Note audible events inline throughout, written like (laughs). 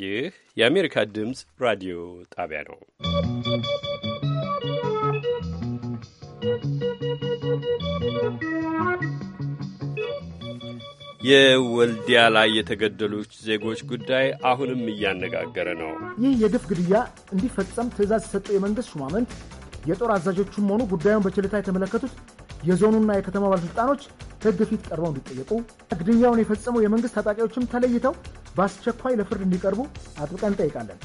ይህ የአሜሪካ ድምፅ ራዲዮ ጣቢያ ነው። የወልዲያ ላይ የተገደሉት ዜጎች ጉዳይ አሁንም እያነጋገረ ነው። ይህ የግፍ ግድያ እንዲፈጸም ትዕዛዝ የሰጠው የመንግሥት ሹማምንት፣ የጦር አዛዦቹም ሆኑ ጉዳዩን በችልታ የተመለከቱት የዞኑና የከተማ ባለሥልጣኖች ሕግ ፊት ቀርበው እንዲጠየቁ፣ ግድያውን የፈጸሙ የመንግሥት ታጣቂዎችም ተለይተው በአስቸኳይ ለፍርድ እንዲቀርቡ አጥብቀን እንጠይቃለን።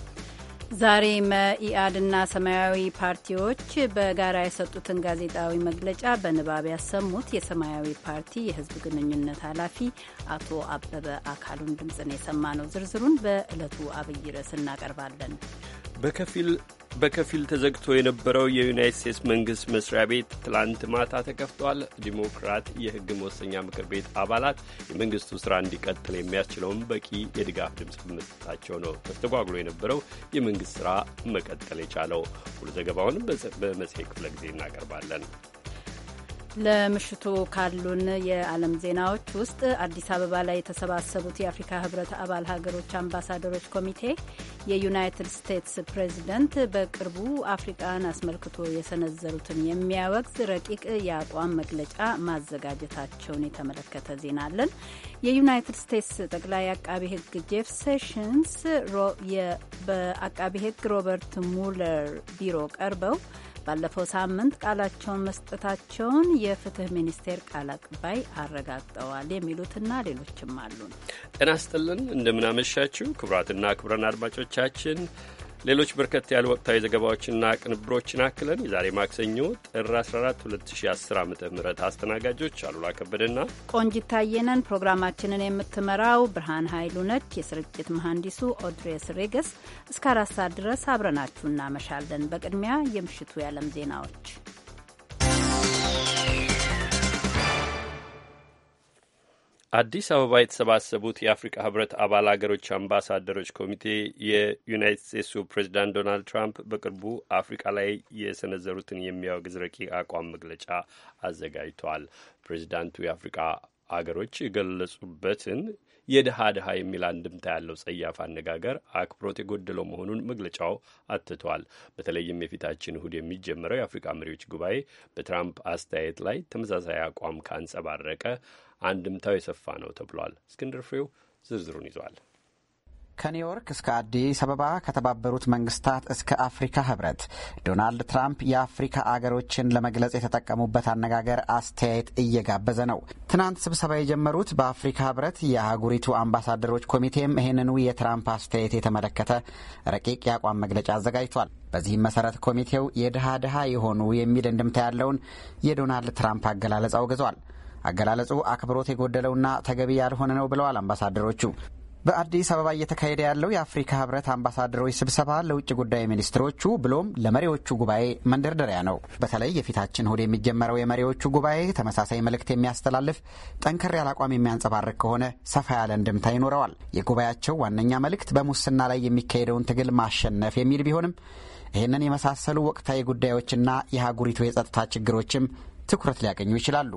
ዛሬ መኢአድና ሰማያዊ ፓርቲዎች በጋራ የሰጡትን ጋዜጣዊ መግለጫ በንባብ ያሰሙት የሰማያዊ ፓርቲ የሕዝብ ግንኙነት ኃላፊ አቶ አበበ አካሉን ድምፅን የሰማ ነው። ዝርዝሩን በዕለቱ አብይ ርዕስ እናቀርባለን። በከፊል በከፊል ተዘግቶ የነበረው የዩናይት ስቴትስ መንግስት መስሪያ ቤት ትላንት ማታ ተከፍቷል። ዲሞክራት የሕግ መወሰኛ ምክር ቤት አባላት የመንግስቱ ስራ እንዲቀጥል የሚያስችለውን በቂ የድጋፍ ድምፅ በመስጠታቸው ነው ተስተጓጉሎ የነበረው የመንግሥት ሥራ መቀጠል የቻለው። ሙሉ ዘገባውን በመጽሔ ክፍለ ጊዜ እናቀርባለን። ለምሽቱ ካሉን የዓለም ዜናዎች ውስጥ አዲስ አበባ ላይ የተሰባሰቡት የአፍሪካ ህብረት አባል ሀገሮች አምባሳደሮች ኮሚቴ የዩናይትድ ስቴትስ ፕሬዚደንት በቅርቡ አፍሪቃን አስመልክቶ የሰነዘሩትን የሚያወግዝ ረቂቅ የአቋም መግለጫ ማዘጋጀታቸውን የተመለከተ ዜና አለን። የዩናይትድ ስቴትስ ጠቅላይ አቃቢ ህግ ጄፍ ሴሽንስ በአቃቢ ህግ ሮበርት ሙለር ቢሮ ቀርበው ባለፈው ሳምንት ቃላቸውን መስጠታቸውን የፍትህ ሚኒስቴር ቃል አቀባይ አረጋግጠዋል። የሚሉትና ሌሎችም አሉን። ጤና ስጥልን እንደምናመሻችሁ ክቡራትና ክቡራን አድማጮቻችን ሌሎች በርከት ያሉ ወቅታዊ ዘገባዎችና ቅንብሮችን አክለን የዛሬ ማክሰኞ ጥር 14 2010 ዓ ም አስተናጋጆች አሉላ ከበደና ቆንጂት ታየነን። ፕሮግራማችንን የምትመራው ብርሃን ኃይሉ ነች። የስርጭት መሐንዲሱ ኦድሬስ ሬገስ። እስከ አራት ሰዓት ድረስ አብረናችሁ እናመሻለን። በቅድሚያ የምሽቱ የዓለም ዜናዎች አዲስ አበባ የተሰባሰቡት የአፍሪካ ህብረት አባል አገሮች አምባሳደሮች ኮሚቴ የዩናይትድ ስቴትሱ ፕሬዚዳንት ዶናልድ ትራምፕ በቅርቡ አፍሪካ ላይ የሰነዘሩትን የሚያወግዝ ረቂቅ አቋም መግለጫ አዘጋጅተዋል። ፕሬዚዳንቱ የአፍሪካ አገሮች የገለጹበትን የድሃ ድሃ የሚል አንድምታ ያለው ጸያፍ አነጋገር አክብሮት የጎደለው መሆኑን መግለጫው አትቷል። በተለይም የፊታችን እሁድ የሚጀመረው የአፍሪካ መሪዎች ጉባኤ በትራምፕ አስተያየት ላይ ተመሳሳይ አቋም ካንጸባረቀ አንድምታው የሰፋ ነው ተብሏል። እስክንድር ፍሬው ዝርዝሩን ይዟል። ከኒውዮርክ እስከ አዲስ አበባ ከተባበሩት መንግስታት እስከ አፍሪካ ህብረት ዶናልድ ትራምፕ የአፍሪካ አገሮችን ለመግለጽ የተጠቀሙበት አነጋገር አስተያየት እየጋበዘ ነው። ትናንት ስብሰባ የጀመሩት በአፍሪካ ህብረት የአህጉሪቱ አምባሳደሮች ኮሚቴም ይህንኑ የትራምፕ አስተያየት የተመለከተ ረቂቅ የአቋም መግለጫ አዘጋጅቷል። በዚህም መሰረት ኮሚቴው የድሃ ድሃ የሆኑ የሚል እንድምታ ያለውን የዶናልድ ትራምፕ አገላለጽ አውግዟል። አገላለጹ አክብሮት የጎደለውና ተገቢ ያልሆነ ነው ብለዋል አምባሳደሮቹ። በአዲስ አበባ እየተካሄደ ያለው የአፍሪካ ህብረት አምባሳደሮች ስብሰባ ለውጭ ጉዳይ ሚኒስትሮቹ ብሎም ለመሪዎቹ ጉባኤ መንደርደሪያ ነው። በተለይ የፊታችን እሁድ የሚጀመረው የመሪዎቹ ጉባኤ ተመሳሳይ መልእክት የሚያስተላልፍ ጠንከር ያለ አቋም የሚያንጸባርቅ ከሆነ ሰፋ ያለ እንድምታ ይኖረዋል። የጉባኤያቸው ዋነኛ መልእክት በሙስና ላይ የሚካሄደውን ትግል ማሸነፍ የሚል ቢሆንም ይህንን የመሳሰሉ ወቅታዊ ጉዳዮችና የሀገሪቱ የጸጥታ ችግሮችም ትኩረት ሊያገኙ ይችላሉ።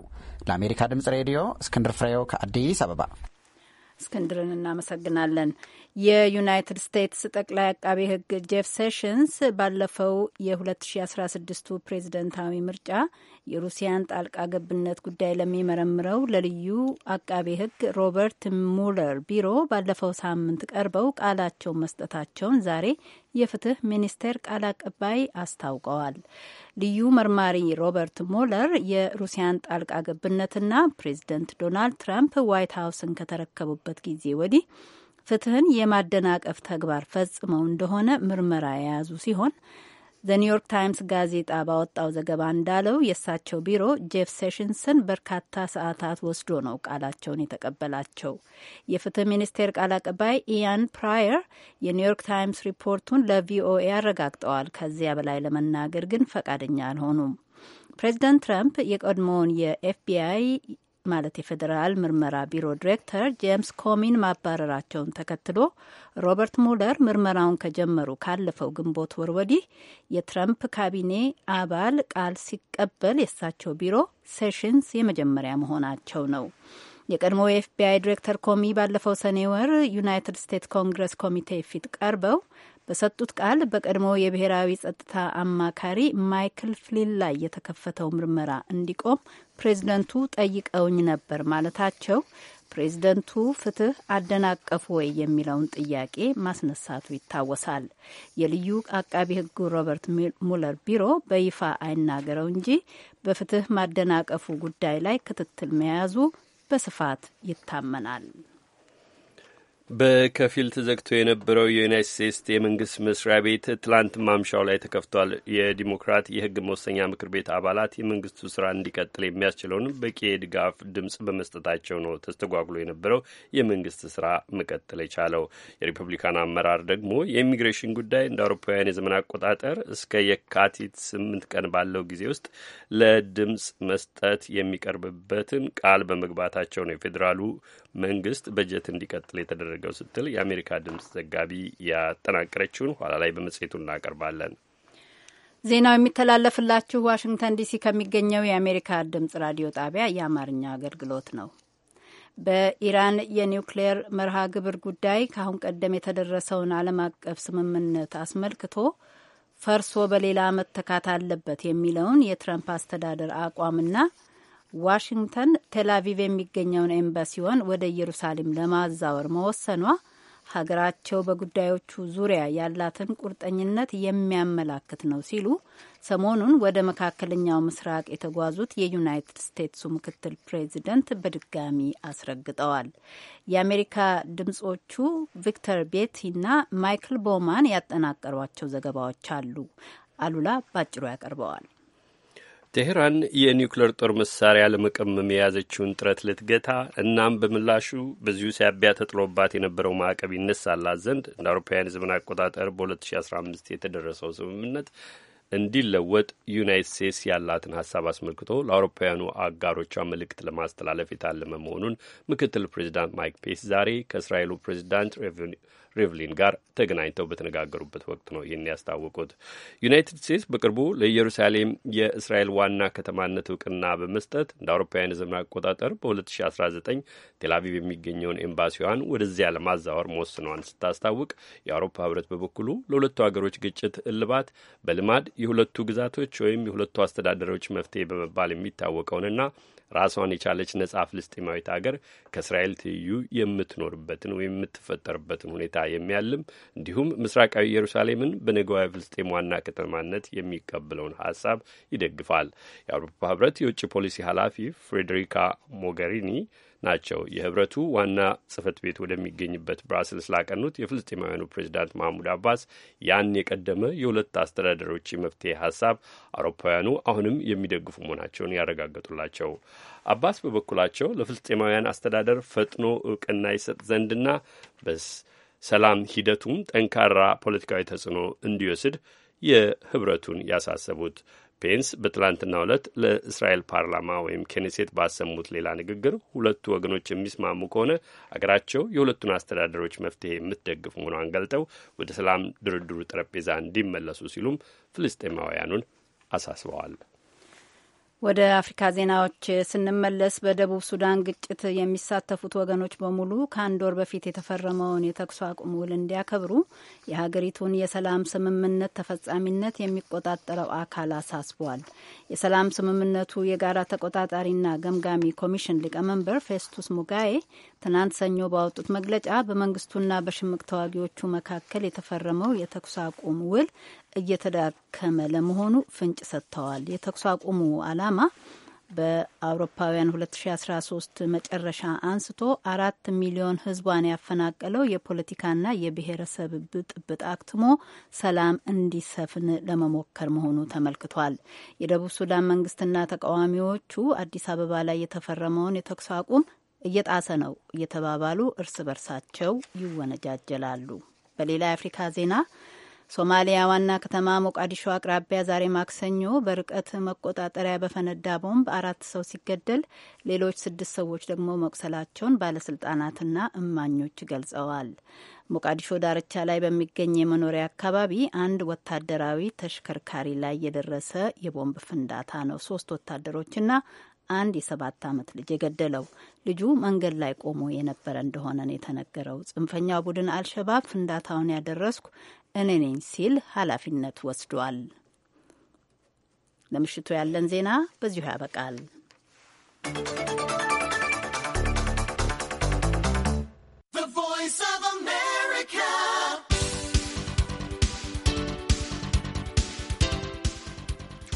ለአሜሪካ ድምጽ ሬዲዮ እስክንድር ፍሬው ከአዲስ አበባ። እስክንድርን እናመሰግናለን። የዩናይትድ ስቴትስ ጠቅላይ አቃቤ ሕግ ጄፍ ሴሽንስ ባለፈው የ2016ቱ ፕሬዝደንታዊ ምርጫ የሩሲያን ጣልቃ ገብነት ጉዳይ ለሚመረምረው ለልዩ አቃቤ ሕግ ሮበርት ሙለር ቢሮ ባለፈው ሳምንት ቀርበው ቃላቸውን መስጠታቸውን ዛሬ የፍትህ ሚኒስቴር ቃል አቀባይ አስታውቀዋል። ልዩ መርማሪ ሮበርት ሞለር የሩሲያን ጣልቃ ገብነትና ፕሬዚደንት ዶናልድ ትራምፕ ዋይት ሀውስን ከተረከቡበት ጊዜ ወዲህ ፍትህን የማደናቀፍ ተግባር ፈጽመው እንደሆነ ምርመራ የያዙ ሲሆን ኒውዮርክ ታይምስ ጋዜጣ ባወጣው ዘገባ እንዳለው የእሳቸው ቢሮ ጄፍ ሴሽንስን በርካታ ሰዓታት ወስዶ ነው ቃላቸውን የተቀበላቸው። የፍትህ ሚኒስቴር ቃል አቀባይ ኢያን ፕራየር የኒውዮርክ ታይምስ ሪፖርቱን ለቪኦኤ አረጋግጠዋል። ከዚያ በላይ ለመናገር ግን ፈቃደኛ አልሆኑም። ፕሬዚደንት ትራምፕ የቀድሞውን የኤፍቢአይ ማለት የፌዴራል ምርመራ ቢሮ ዲሬክተር ጄምስ ኮሚን ማባረራቸውን ተከትሎ ሮበርት ሙለር ምርመራውን ከጀመሩ ካለፈው ግንቦት ወር ወዲህ የትረምፕ ካቢኔ አባል ቃል ሲቀበል የእሳቸው ቢሮ ሴሽንስ የመጀመሪያ መሆናቸው ነው። የቀድሞ የኤፍቢአይ ዲሬክተር ኮሚ ባለፈው ሰኔ ወር ዩናይትድ ስቴትስ ኮንግረስ ኮሚቴ ፊት ቀርበው በሰጡት ቃል በቀድሞ የብሔራዊ ጸጥታ አማካሪ ማይክል ፍሊን ላይ የተከፈተው ምርመራ እንዲቆም ፕሬዝደንቱ ጠይቀውኝ ነበር ማለታቸው ፕሬዝደንቱ ፍትህ አደናቀፉ ወይ የሚለውን ጥያቄ ማስነሳቱ ይታወሳል። የልዩ አቃቢ ሕጉ ሮበርት ሙለር ቢሮ በይፋ አይናገረው እንጂ በፍትህ ማደናቀፉ ጉዳይ ላይ ክትትል መያዙ በስፋት ይታመናል። በከፊል ተዘግቶ የነበረው የዩናይት ስቴትስ የመንግስት መስሪያ ቤት ትላንት ማምሻው ላይ ተከፍቷል። የዲሞክራት የህግ መወሰኛ ምክር ቤት አባላት የመንግስቱ ስራ እንዲቀጥል የሚያስችለውን በቂ የድጋፍ ድምጽ በመስጠታቸው ነው ተስተጓጉሎ የነበረው የመንግስት ስራ መቀጠል የቻለው። የሪፐብሊካን አመራር ደግሞ የኢሚግሬሽን ጉዳይ እንደ አውሮፓውያን የዘመን አቆጣጠር እስከ የካቲት ስምንት ቀን ባለው ጊዜ ውስጥ ለድምጽ መስጠት የሚቀርብበትን ቃል በመግባታቸው ነው የፌዴራሉ መንግስት በጀት እንዲቀጥል የተደረገ የምናደርገው ስትል የአሜሪካ ድምፅ ዘጋቢ ያጠናቀረችውን ኋላ ላይ በመጽሔቱ እናቀርባለን። ዜናው የሚተላለፍላችሁ ዋሽንግተን ዲሲ ከሚገኘው የአሜሪካ ድምጽ ራዲዮ ጣቢያ የአማርኛ አገልግሎት ነው። በኢራን የኒውክሌየር መርሃ ግብር ጉዳይ ከአሁን ቀደም የተደረሰውን ዓለም አቀፍ ስምምነት አስመልክቶ ፈርሶ በሌላ መተካት አለበት የሚለውን የትራምፕ አስተዳደር አቋምና ዋሽንግተን ቴላቪቭ የሚገኘውን ኤምባሲዋን ወደ ኢየሩሳሌም ለማዛወር መወሰኗ ሀገራቸው በጉዳዮቹ ዙሪያ ያላትን ቁርጠኝነት የሚያመላክት ነው ሲሉ ሰሞኑን ወደ መካከለኛው ምስራቅ የተጓዙት የዩናይትድ ስቴትሱ ምክትል ፕሬዚደንት በድጋሚ አስረግጠዋል። የአሜሪካ ድምጾቹ ቪክተር ቤቲና ማይክል ቦማን ያጠናቀሯቸው ዘገባዎች አሉ። አሉላ ባጭሩ ያቀርበዋል። ቴሄራን የኒውክሌር ጦር መሳሪያ ለመቀመም የያዘችውን ጥረት ልትገታ እናም በምላሹ በዚሁ ሳቢያ ተጥሎባት የነበረው ማዕቀብ ይነሳላት ዘንድ እንደ አውሮፓውያን ዘመን አቆጣጠር በ2015 የተደረሰው ስምምነት እንዲለወጥ ዩናይት ስቴትስ ያላትን ሀሳብ አስመልክቶ ለአውሮፓውያኑ አጋሮቿ መልእክት ለማስተላለፍ የታለመ መሆኑን ምክትል ፕሬዚዳንት ማይክ ፔስ ዛሬ ከእስራኤሉ ፕሬዚዳንት ሪቭሊን ጋር ተገናኝተው በተነጋገሩበት ወቅት ነው ይህን ያስታወቁት። ዩናይትድ ስቴትስ በቅርቡ ለኢየሩሳሌም የእስራኤል ዋና ከተማነት እውቅና በመስጠት እንደ አውሮፓውያን ዘመን አቆጣጠር በ2019 ቴልአቪቭ የሚገኘውን ኤምባሲዋን ወደዚያ ለማዛወር መወስኗን ስታስታውቅ የአውሮፓ ህብረት በበኩሉ ለሁለቱ ሀገሮች ግጭት እልባት በልማድ የሁለቱ ግዛቶች ወይም የሁለቱ አስተዳደሮች መፍትሄ በመባል የሚታወቀውንና ራሷን የቻለች ነጻ ፍልስጤማዊት አገር ከእስራኤል ትይዩ የምትኖርበትን ወይም የምትፈጠርበትን ሁኔታ የሚያልም እንዲሁም ምስራቃዊ ኢየሩሳሌምን በነገዋ ፍልስጤም ዋና ከተማነት የሚቀበለውን ሀሳብ ይደግፋል። የአውሮፓ ህብረት የውጭ ፖሊሲ ኃላፊ ፍሬዴሪካ ሞገሪኒ ናቸው። የህብረቱ ዋና ጽህፈት ቤት ወደሚገኝበት ብራስልስ ላቀኑት የፍልስጤማውያኑ ፕሬዚዳንት ማህሙድ አባስ ያን የቀደመ የሁለት አስተዳደሮች የመፍትሄ ሀሳብ አውሮፓውያኑ አሁንም የሚደግፉ መሆናቸውን ያረጋገጡላቸው አባስ በበኩላቸው ለፍልስጤማውያን አስተዳደር ፈጥኖ እውቅና ይሰጥ ዘንድና በሰላም ሂደቱም ጠንካራ ፖለቲካዊ ተጽዕኖ እንዲወስድ የህብረቱን ያሳሰቡት ፔንስ በትላንትናው ዕለት ለእስራኤል ፓርላማ ወይም ኬኔሴት ባሰሙት ሌላ ንግግር ሁለቱ ወገኖች የሚስማሙ ከሆነ አገራቸው የሁለቱን አስተዳደሮች መፍትሄ የምትደግፍ መሆኗን ገልጠው ወደ ሰላም ድርድሩ ጠረጴዛ እንዲመለሱ ሲሉም ፍልስጤማውያኑን አሳስበዋል። ወደ አፍሪካ ዜናዎች ስንመለስ በደቡብ ሱዳን ግጭት የሚሳተፉት ወገኖች በሙሉ ከአንድ ወር በፊት የተፈረመውን የተኩስ አቁም ውል እንዲያከብሩ የሀገሪቱን የሰላም ስምምነት ተፈጻሚነት የሚቆጣጠረው አካል አሳስቧል። የሰላም ስምምነቱ የጋራ ተቆጣጣሪና ገምጋሚ ኮሚሽን ሊቀመንበር ፌስቱስ ሙጋዬ ትናንት ሰኞ ባወጡት መግለጫ በመንግስቱና በሽምቅ ተዋጊዎቹ መካከል የተፈረመው የተኩስ አቁም ውል እየተዳከመ ለመሆኑ ፍንጭ ሰጥተዋል። የተኩስ አቁሙ ዓላማ በአውሮፓውያን 2013 መጨረሻ አንስቶ አራት ሚሊዮን ህዝቧን ያፈናቀለው የፖለቲካና የብሔረሰብ ብጥብጥ አክትሞ ሰላም እንዲሰፍን ለመሞከር መሆኑ ተመልክቷል። የደቡብ ሱዳን መንግስትና ተቃዋሚዎቹ አዲስ አበባ ላይ የተፈረመውን የተኩስ አቁም እየጣሰ ነው እየተባባሉ እርስ በርሳቸው ይወነጃጀላሉ። በሌላ የአፍሪካ ዜና ሶማሊያ ዋና ከተማ ሞቃዲሾ አቅራቢያ ዛሬ ማክሰኞ በርቀት መቆጣጠሪያ በፈነዳ ቦምብ አራት ሰው ሲገደል ሌሎች ስድስት ሰዎች ደግሞ መቁሰላቸውን ባለስልጣናትና እማኞች ገልጸዋል። ሞቃዲሾ ዳርቻ ላይ በሚገኝ የመኖሪያ አካባቢ አንድ ወታደራዊ ተሽከርካሪ ላይ የደረሰ የቦምብ ፍንዳታ ነው ሶስት ወታደሮችና አንድ የሰባት ዓመት ልጅ የገደለው። ልጁ መንገድ ላይ ቆሞ የነበረ እንደሆነ ነው የተነገረው። ጽንፈኛው ቡድን አልሸባብ ፍንዳታውን ያደረስኩ እኔ ነኝ ሲል ኃላፊነት ወስዷል። ለምሽቱ ያለን ዜና በዚሁ ያበቃል።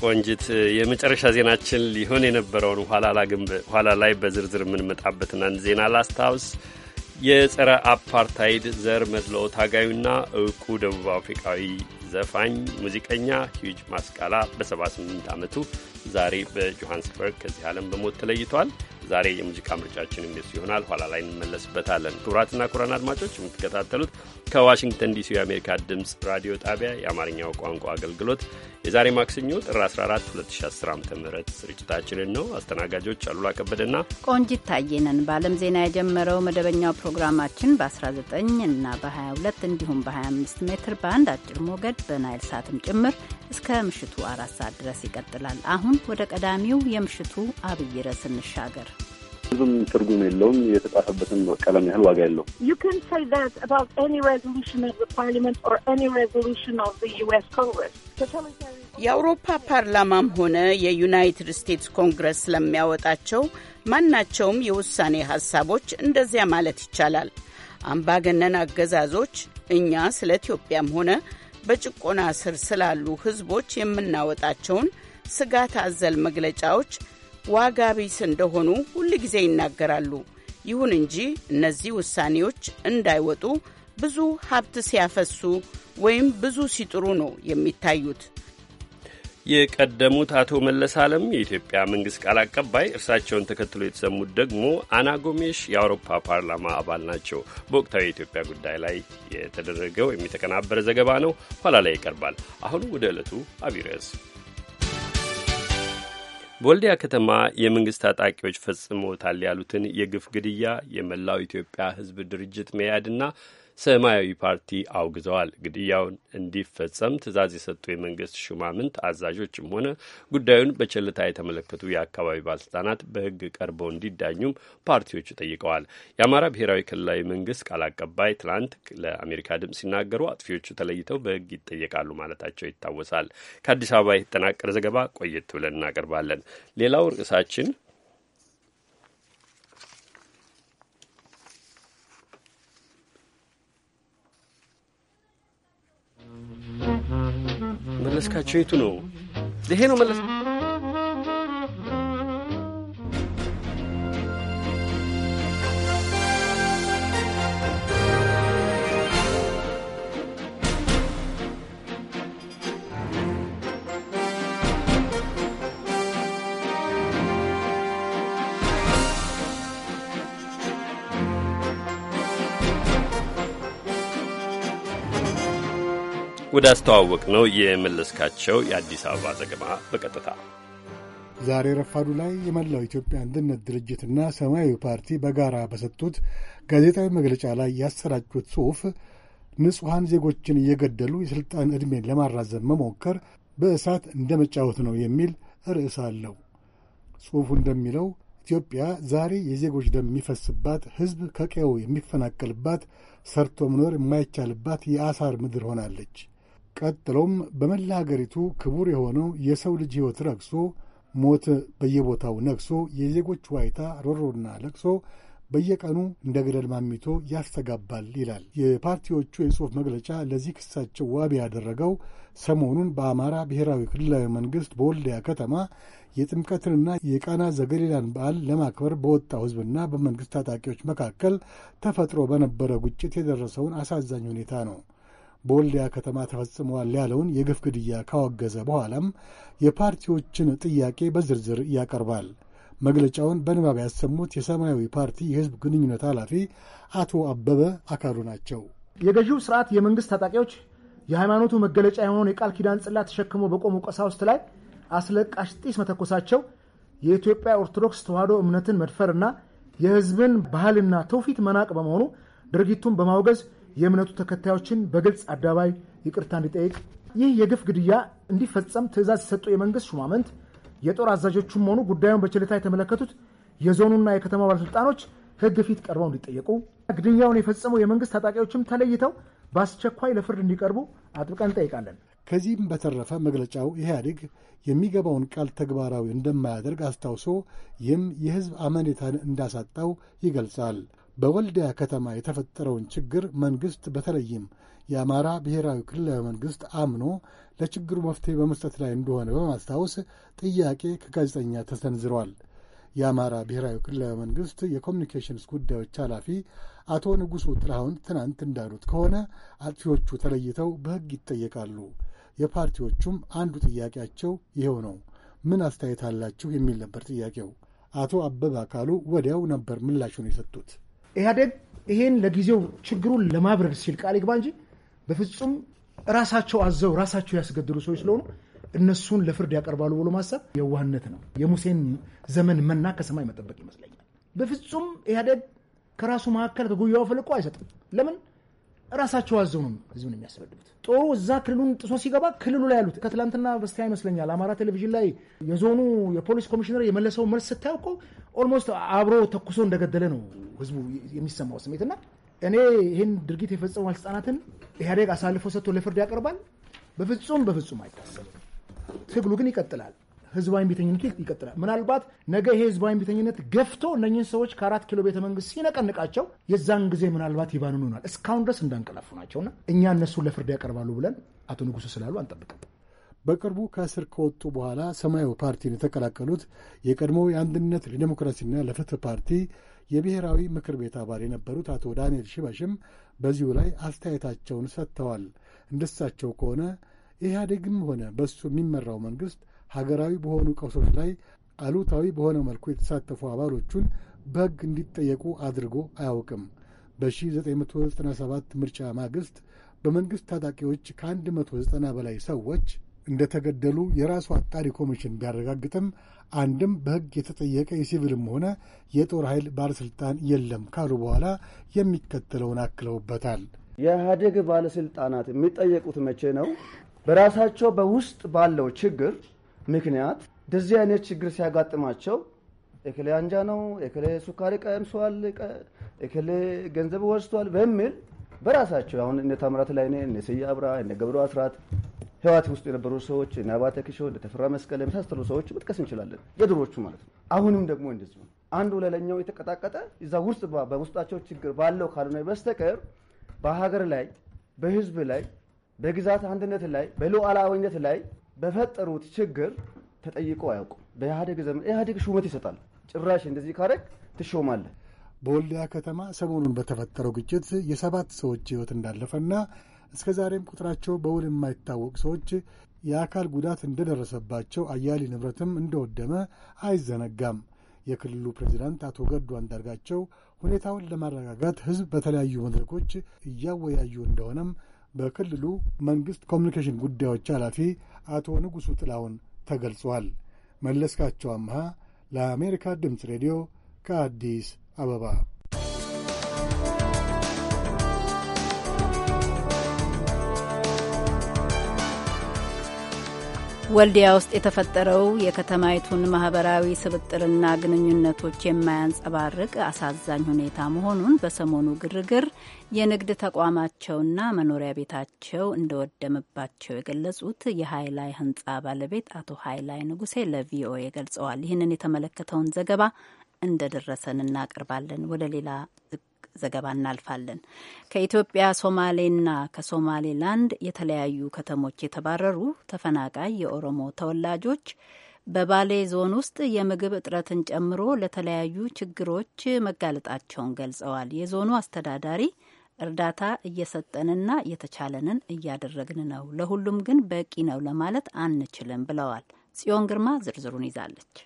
ቆንጅት፣ የመጨረሻ ዜናችን ሊሆን የነበረውን ኋላ ላይ በዝርዝር የምንመጣበትን አንድ ዜና ላስታውስ። የጸረ አፓርታይድ ዘር መድሎ ታጋዩና እውቁ ደቡብ አፍሪካዊ ዘፋኝ ሙዚቀኛ ሂጅ ማስቃላ በ78 ዓመቱ ዛሬ በጆሃንስበርግ ከዚህ ዓለም በሞት ተለይቷል። ዛሬ የሙዚቃ ምርጫችን የሚስ ይሆናል። ኋላ ላይ እንመለስበታለን። ክቡራትና ክቡራን አድማጮች የምትከታተሉት ከዋሽንግተን ዲሲ የአሜሪካ ድምፅ ራዲዮ ጣቢያ የአማርኛው ቋንቋ አገልግሎት የዛሬ ማክሰኞ ጥር 14 2010 ዓ ም ስርጭታችንን ነው። አስተናጋጆች አሉላ ከበደና ቆንጂት ታየነን። በዓለም ዜና የጀመረው መደበኛው ፕሮግራማችን በ19 እና በ22 እንዲሁም በ25 ሜትር በአንድ አጭር ሞገድ በናይል ሳትም ጭምር እስከ ምሽቱ አራት ሰዓት ድረስ ይቀጥላል። አሁን ወደ ቀዳሚው የምሽቱ አብይ ርዕስ እንሻገር። ብዙም ትርጉም የለውም። የተጻፈበትን ቀለም ያህል ዋጋ የለውም። የአውሮፓ ፓርላማም ሆነ የዩናይትድ ስቴትስ ኮንግረስ ስለሚያወጣቸው ማናቸውም የውሳኔ ሀሳቦች እንደዚያ ማለት ይቻላል። አምባገነን አገዛዞች እኛ ስለ ኢትዮጵያም ሆነ በጭቆና ስር ስላሉ ሕዝቦች የምናወጣቸውን ስጋት አዘል መግለጫዎች ዋጋ ቢስ እንደሆኑ ጊዜ ይናገራሉ። ይሁን እንጂ እነዚህ ውሳኔዎች እንዳይወጡ ብዙ ሀብት ሲያፈሱ ወይም ብዙ ሲጥሩ ነው የሚታዩት። የቀደሙት አቶ መለስ አለም የኢትዮጵያ መንግስት ቃል አቀባይ፣ እርሳቸውን ተከትሎ የተሰሙት ደግሞ አና ጎሜሽ የአውሮፓ ፓርላማ አባል ናቸው። በወቅታዊ የኢትዮጵያ ጉዳይ ላይ የተደረገው የሚተቀናበረ ዘገባ ነው፣ ኋላ ላይ ይቀርባል። አሁን ወደ ዕለቱ አቢይ ርዕስ በወልዲያ ከተማ የመንግስት ታጣቂዎች ፈጽሞታል ያሉትን የግፍ ግድያ የመላው ኢትዮጵያ ሕዝብ ድርጅት መያድና ሰማያዊ ፓርቲ አውግዘዋል። ግድያውን እንዲፈጸም ትዕዛዝ የሰጡ የመንግስት ሹማምንት አዛዦችም ሆነ ጉዳዩን በቸልታ የተመለከቱ የአካባቢ ባለስልጣናት በህግ ቀርበው እንዲዳኙም ፓርቲዎቹ ጠይቀዋል። የአማራ ብሔራዊ ክልላዊ መንግስት ቃል አቀባይ ትናንት ለአሜሪካ ድምፅ ሲናገሩ አጥፊዎቹ ተለይተው በህግ ይጠየቃሉ ማለታቸው ይታወሳል። ከአዲስ አበባ የተጠናቀረ ዘገባ ቆየት ብለን እናቀርባለን። ሌላው ርዕሳችን መለስካቸው የቱ ነው? ይሄ ነው መለስ ወደ አስተዋወቅ ነው የመለስካቸው የአዲስ አበባ ዘገባ በቀጥታ ዛሬ ረፋዱ ላይ የመላው ኢትዮጵያ አንድነት ድርጅትና ሰማያዊ ፓርቲ በጋራ በሰጡት ጋዜጣዊ መግለጫ ላይ ያሰራጩት ጽሑፍ ንጹሐን ዜጎችን እየገደሉ የሥልጣን ዕድሜን ለማራዘም መሞከር በእሳት እንደ መጫወት ነው የሚል ርዕስ አለው። ጽሑፉ እንደሚለው ኢትዮጵያ ዛሬ የዜጎች ደም የሚፈስባት፣ ሕዝብ ከቀዬው የሚፈናቀልባት፣ ሰርቶ መኖር የማይቻልባት የአሳር ምድር ሆናለች። ቀጥሎም በመላ አገሪቱ ክቡር የሆነው የሰው ልጅ ሕይወት ረግሶ ሞት በየቦታው ነግሶ የዜጎች ዋይታ ሮሮና ለቅሶ በየቀኑ እንደ ገደል ማሚቶ ያስተጋባል ይላል የፓርቲዎቹ የጽሑፍ መግለጫ። ለዚህ ክሳቸው ዋቢ ያደረገው ሰሞኑን በአማራ ብሔራዊ ክልላዊ መንግሥት በወልዲያ ከተማ የጥምቀትንና የቃና ዘገሊላን በዓል ለማክበር በወጣው ሕዝብና በመንግሥት ታጣቂዎች መካከል ተፈጥሮ በነበረ ግጭት የደረሰውን አሳዛኝ ሁኔታ ነው። በወልዲያ ከተማ ተፈጽመዋል ያለውን የግፍ ግድያ ካወገዘ በኋላም የፓርቲዎችን ጥያቄ በዝርዝር ያቀርባል። መግለጫውን በንባብ ያሰሙት የሰማያዊ ፓርቲ የህዝብ ግንኙነት ኃላፊ አቶ አበበ አካሉ ናቸው። የገዢው ስርዓት የመንግስት ታጣቂዎች የሃይማኖቱ መገለጫ የሆነውን የቃል ኪዳን ጽላት ተሸክሞ በቆሙ ቀሳውስት ላይ አስለቃሽ ጢስ መተኮሳቸው የኢትዮጵያ ኦርቶዶክስ ተዋሕዶ እምነትን መድፈርና የህዝብን ባህልና ትውፊት መናቅ በመሆኑ ድርጊቱን በማውገዝ የእምነቱ ተከታዮችን በግልጽ አደባባይ ይቅርታ እንዲጠይቅ፣ ይህ የግፍ ግድያ እንዲፈጸም ትዕዛዝ የሰጡ የመንግስት ሹማምንት፣ የጦር አዛዦቹም ሆኑ ጉዳዩን በችልታ የተመለከቱት የዞኑና የከተማ ባለሥልጣኖች ሕግ ፊት ቀርበው እንዲጠየቁ፣ ግድያውን የፈጸሙ የመንግስት ታጣቂዎችም ተለይተው በአስቸኳይ ለፍርድ እንዲቀርቡ አጥብቀን እንጠይቃለን። ከዚህም በተረፈ መግለጫው ኢህአዴግ የሚገባውን ቃል ተግባራዊ እንደማያደርግ አስታውሶ ይህም የህዝብ አመኔታን እንዳሳጣው ይገልጻል። በወልዲያ ከተማ የተፈጠረውን ችግር መንግሥት በተለይም የአማራ ብሔራዊ ክልላዊ መንግሥት አምኖ ለችግሩ መፍትሄ በመስጠት ላይ እንደሆነ በማስታወስ ጥያቄ ከጋዜጠኛ ተሰንዝሯል። የአማራ ብሔራዊ ክልላዊ መንግሥት የኮሚኒኬሽንስ ጉዳዮች ኃላፊ አቶ ንጉሡ ጥላሁን ትናንት እንዳሉት ከሆነ አጥፊዎቹ ተለይተው በሕግ ይጠየቃሉ። የፓርቲዎቹም አንዱ ጥያቄያቸው ይኸው ነው። ምን አስተያየት አላችሁ የሚል ነበር ጥያቄው። አቶ አበባ ካሉ ወዲያው ነበር ምላሹን የሰጡት። ኢህአዴግ ይሄን ለጊዜው ችግሩን ለማብረድ ሲል ቃል ይግባ እንጂ በፍጹም ራሳቸው አዘው ራሳቸው ያስገድሉ ሰዎች ስለሆኑ እነሱን ለፍርድ ያቀርባሉ ብሎ ማሰብ የዋህነት ነው። የሙሴን ዘመን መና ከሰማይ መጠበቅ ይመስለኛል። በፍጹም ኢህአዴግ ከራሱ መካከል ከጉያው ፈልቆ አይሰጥም። ለምን? ራሳቸው አዘው ነው ህዝብን የሚያስበድቡት። ጦሩ እዛ ክልሉን ጥሶ ሲገባ ክልሉ ላይ ያሉት ከትላንትና በስቲያ ይመስለኛል አማራ ቴሌቪዥን ላይ የዞኑ የፖሊስ ኮሚሽነር የመለሰው መልስ ስታውቀው ኦልሞስት አብሮ ተኩሶ እንደገደለ ነው ህዝቡ የሚሰማው ስሜትና እኔ ይህን ድርጊት የፈጸሙ ባለስልጣናትን ኢህአዴግ አሳልፎ ሰጥቶ ለፍርድ ያቀርባል? በፍጹም በፍጹም አይታሰብም። ትግሉ ግን ይቀጥላል። ህዝባዊ ቤተኝነቱ ይቀጥላል። ምናልባት ነገ ይሄ ህዝባዊ ቤተኝነት ገፍቶ እነኝህን ሰዎች ከአራት ኪሎ ቤተ መንግስት ሲነቀንቃቸው የዛን ጊዜ ምናልባት ይሆናል። እስካሁን ድረስ እንዳንቀላፉ ናቸውና እኛ እነሱን ለፍርድ ያቀርባሉ ብለን አቶ ንጉሱ ስላሉ አንጠብቅም። በቅርቡ ከእስር ከወጡ በኋላ ሰማያዊ ፓርቲን የተቀላቀሉት የቀድሞው የአንድነት ለዲሞክራሲና ለፍትህ ፓርቲ የብሔራዊ ምክር ቤት አባል የነበሩት አቶ ዳንኤል ሽበሽም በዚሁ ላይ አስተያየታቸውን ሰጥተዋል። እንደሳቸው ከሆነ ኢህአዴግም ሆነ በሱ የሚመራው መንግሥት ሀገራዊ በሆኑ ቀውሶች ላይ አሉታዊ በሆነ መልኩ የተሳተፉ አባሎቹን በሕግ እንዲጠየቁ አድርጎ አያውቅም። በ1997 ምርጫ ማግስት በመንግሥት ታጣቂዎች ከ190 በላይ ሰዎች እንደተገደሉ የራሱ አጣሪ ኮሚሽን ቢያረጋግጥም አንድም በሕግ የተጠየቀ የሲቪልም ሆነ የጦር ኃይል ባለሥልጣን የለም ካሉ በኋላ የሚከተለውን አክለውበታል። የኢህአዴግ ባለሥልጣናት የሚጠየቁት መቼ ነው? በራሳቸው በውስጥ ባለው ችግር ምክንያት እንደዚህ አይነት ችግር ሲያጋጥማቸው እክሌ አንጃ ነው፣ እክሌ ሱካሪ ቀምሷል፣ እክሌ ገንዘብ ወስቷል በሚል በራሳቸው አሁን እነ ታምራት ላይኔ፣ እነ ስዬ አብርሃ፣ እነ ገብሩ አስራት ህወሓት ውስጥ የነበሩ ሰዎች እነ አባተ ኪሾ እንደ ተፈራ መስቀል የመሳሰሉ ሰዎች መጥቀስ እንችላለን፣ የድሮቹ ማለት ነው። አሁንም ደግሞ እንደዚሁ አንዱ ለለኛው የተቀጣቀጠ እዛ ውስጥ በውስጣቸው ችግር ባለው ካልሆነ በስተቀር በሀገር ላይ በህዝብ ላይ በግዛት አንድነት ላይ በሉዓላዊነት ላይ በፈጠሩት ችግር ተጠይቆ አያውቁም። በኢህአዴግ ዘመን ኢህአዴግ ሹመት ይሰጣል። ጭራሽ እንደዚህ ካረግ ትሾማለህ። በወልዲያ ከተማ ሰሞኑን በተፈጠረው ግጭት የሰባት ሰዎች ህይወት እንዳለፈና እስከ ዛሬም ቁጥራቸው በውል የማይታወቅ ሰዎች የአካል ጉዳት እንደደረሰባቸው፣ አያሌ ንብረትም እንደወደመ አይዘነጋም። የክልሉ ፕሬዚዳንት አቶ ገዱ አንዳርጋቸው ሁኔታውን ለማረጋጋት ሕዝብ በተለያዩ መድረኮች እያወያዩ እንደሆነም በክልሉ መንግሥት ኮሚኒኬሽን ጉዳዮች ኃላፊ አቶ ንጉሡ ጥላውን ተገልጿል። መለስካቸው አምሃ ለአሜሪካ ድምፅ ሬዲዮ ከአዲስ አበባ ወልዲያ ውስጥ የተፈጠረው የከተማይቱን ማህበራዊ ስብጥርና ግንኙነቶች የማያንጸባርቅ አሳዛኝ ሁኔታ መሆኑን በሰሞኑ ግርግር የንግድ ተቋማቸውና መኖሪያ ቤታቸው እንደወደመባቸው የገለጹት የሀይላይ ህንጻ ባለቤት አቶ ሀይላይ ንጉሴ ለቪኦኤ ገልጸዋል። ይህንን የተመለከተውን ዘገባ እንደደረሰን እናቀርባለን። ወደ ሌላ ዘገባ እናልፋለን። ከኢትዮጵያ ሶማሌና ከሶማሌላንድ የተለያዩ ከተሞች የተባረሩ ተፈናቃይ የኦሮሞ ተወላጆች በባሌ ዞን ውስጥ የምግብ እጥረትን ጨምሮ ለተለያዩ ችግሮች መጋለጣቸውን ገልጸዋል። የዞኑ አስተዳዳሪ እርዳታ እየሰጠንና እየተቻለንን እያደረግን ነው፣ ለሁሉም ግን በቂ ነው ለማለት አንችልም ብለዋል። ጽዮን ግርማ ዝርዝሩን ይዛለች።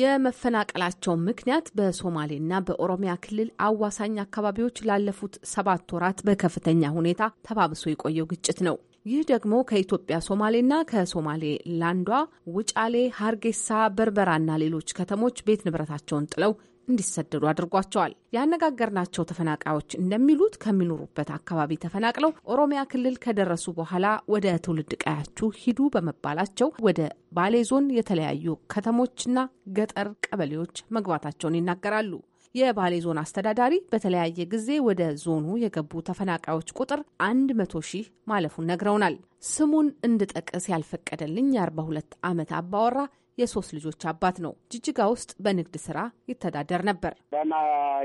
የመፈናቀላቸው ምክንያት በሶማሌና በኦሮሚያ ክልል አዋሳኝ አካባቢዎች ላለፉት ሰባት ወራት በከፍተኛ ሁኔታ ተባብሶ የቆየው ግጭት ነው። ይህ ደግሞ ከኢትዮጵያ ሶማሌና ከሶማሌ ላንዷ ውጫሌ፣ ሀርጌሳ፣ በርበራና ሌሎች ከተሞች ቤት ንብረታቸውን ጥለው እንዲሰደዱ አድርጓቸዋል። ያነጋገርናቸው ተፈናቃዮች እንደሚሉት ከሚኖሩበት አካባቢ ተፈናቅለው ኦሮሚያ ክልል ከደረሱ በኋላ ወደ ትውልድ ቀያችሁ ሂዱ በመባላቸው ወደ ባሌ ዞን የተለያዩ ከተሞችና ገጠር ቀበሌዎች መግባታቸውን ይናገራሉ። የባሌ ዞን አስተዳዳሪ በተለያየ ጊዜ ወደ ዞኑ የገቡ ተፈናቃዮች ቁጥር አንድ መቶ ሺህ ማለፉን ነግረውናል። ስሙን እንድጠቅስ ያልፈቀደልኝ የ42 ዓመት አባወራ የሶስት ልጆች አባት ነው። ጅጅጋ ውስጥ በንግድ ስራ ይተዳደር ነበር። ደህና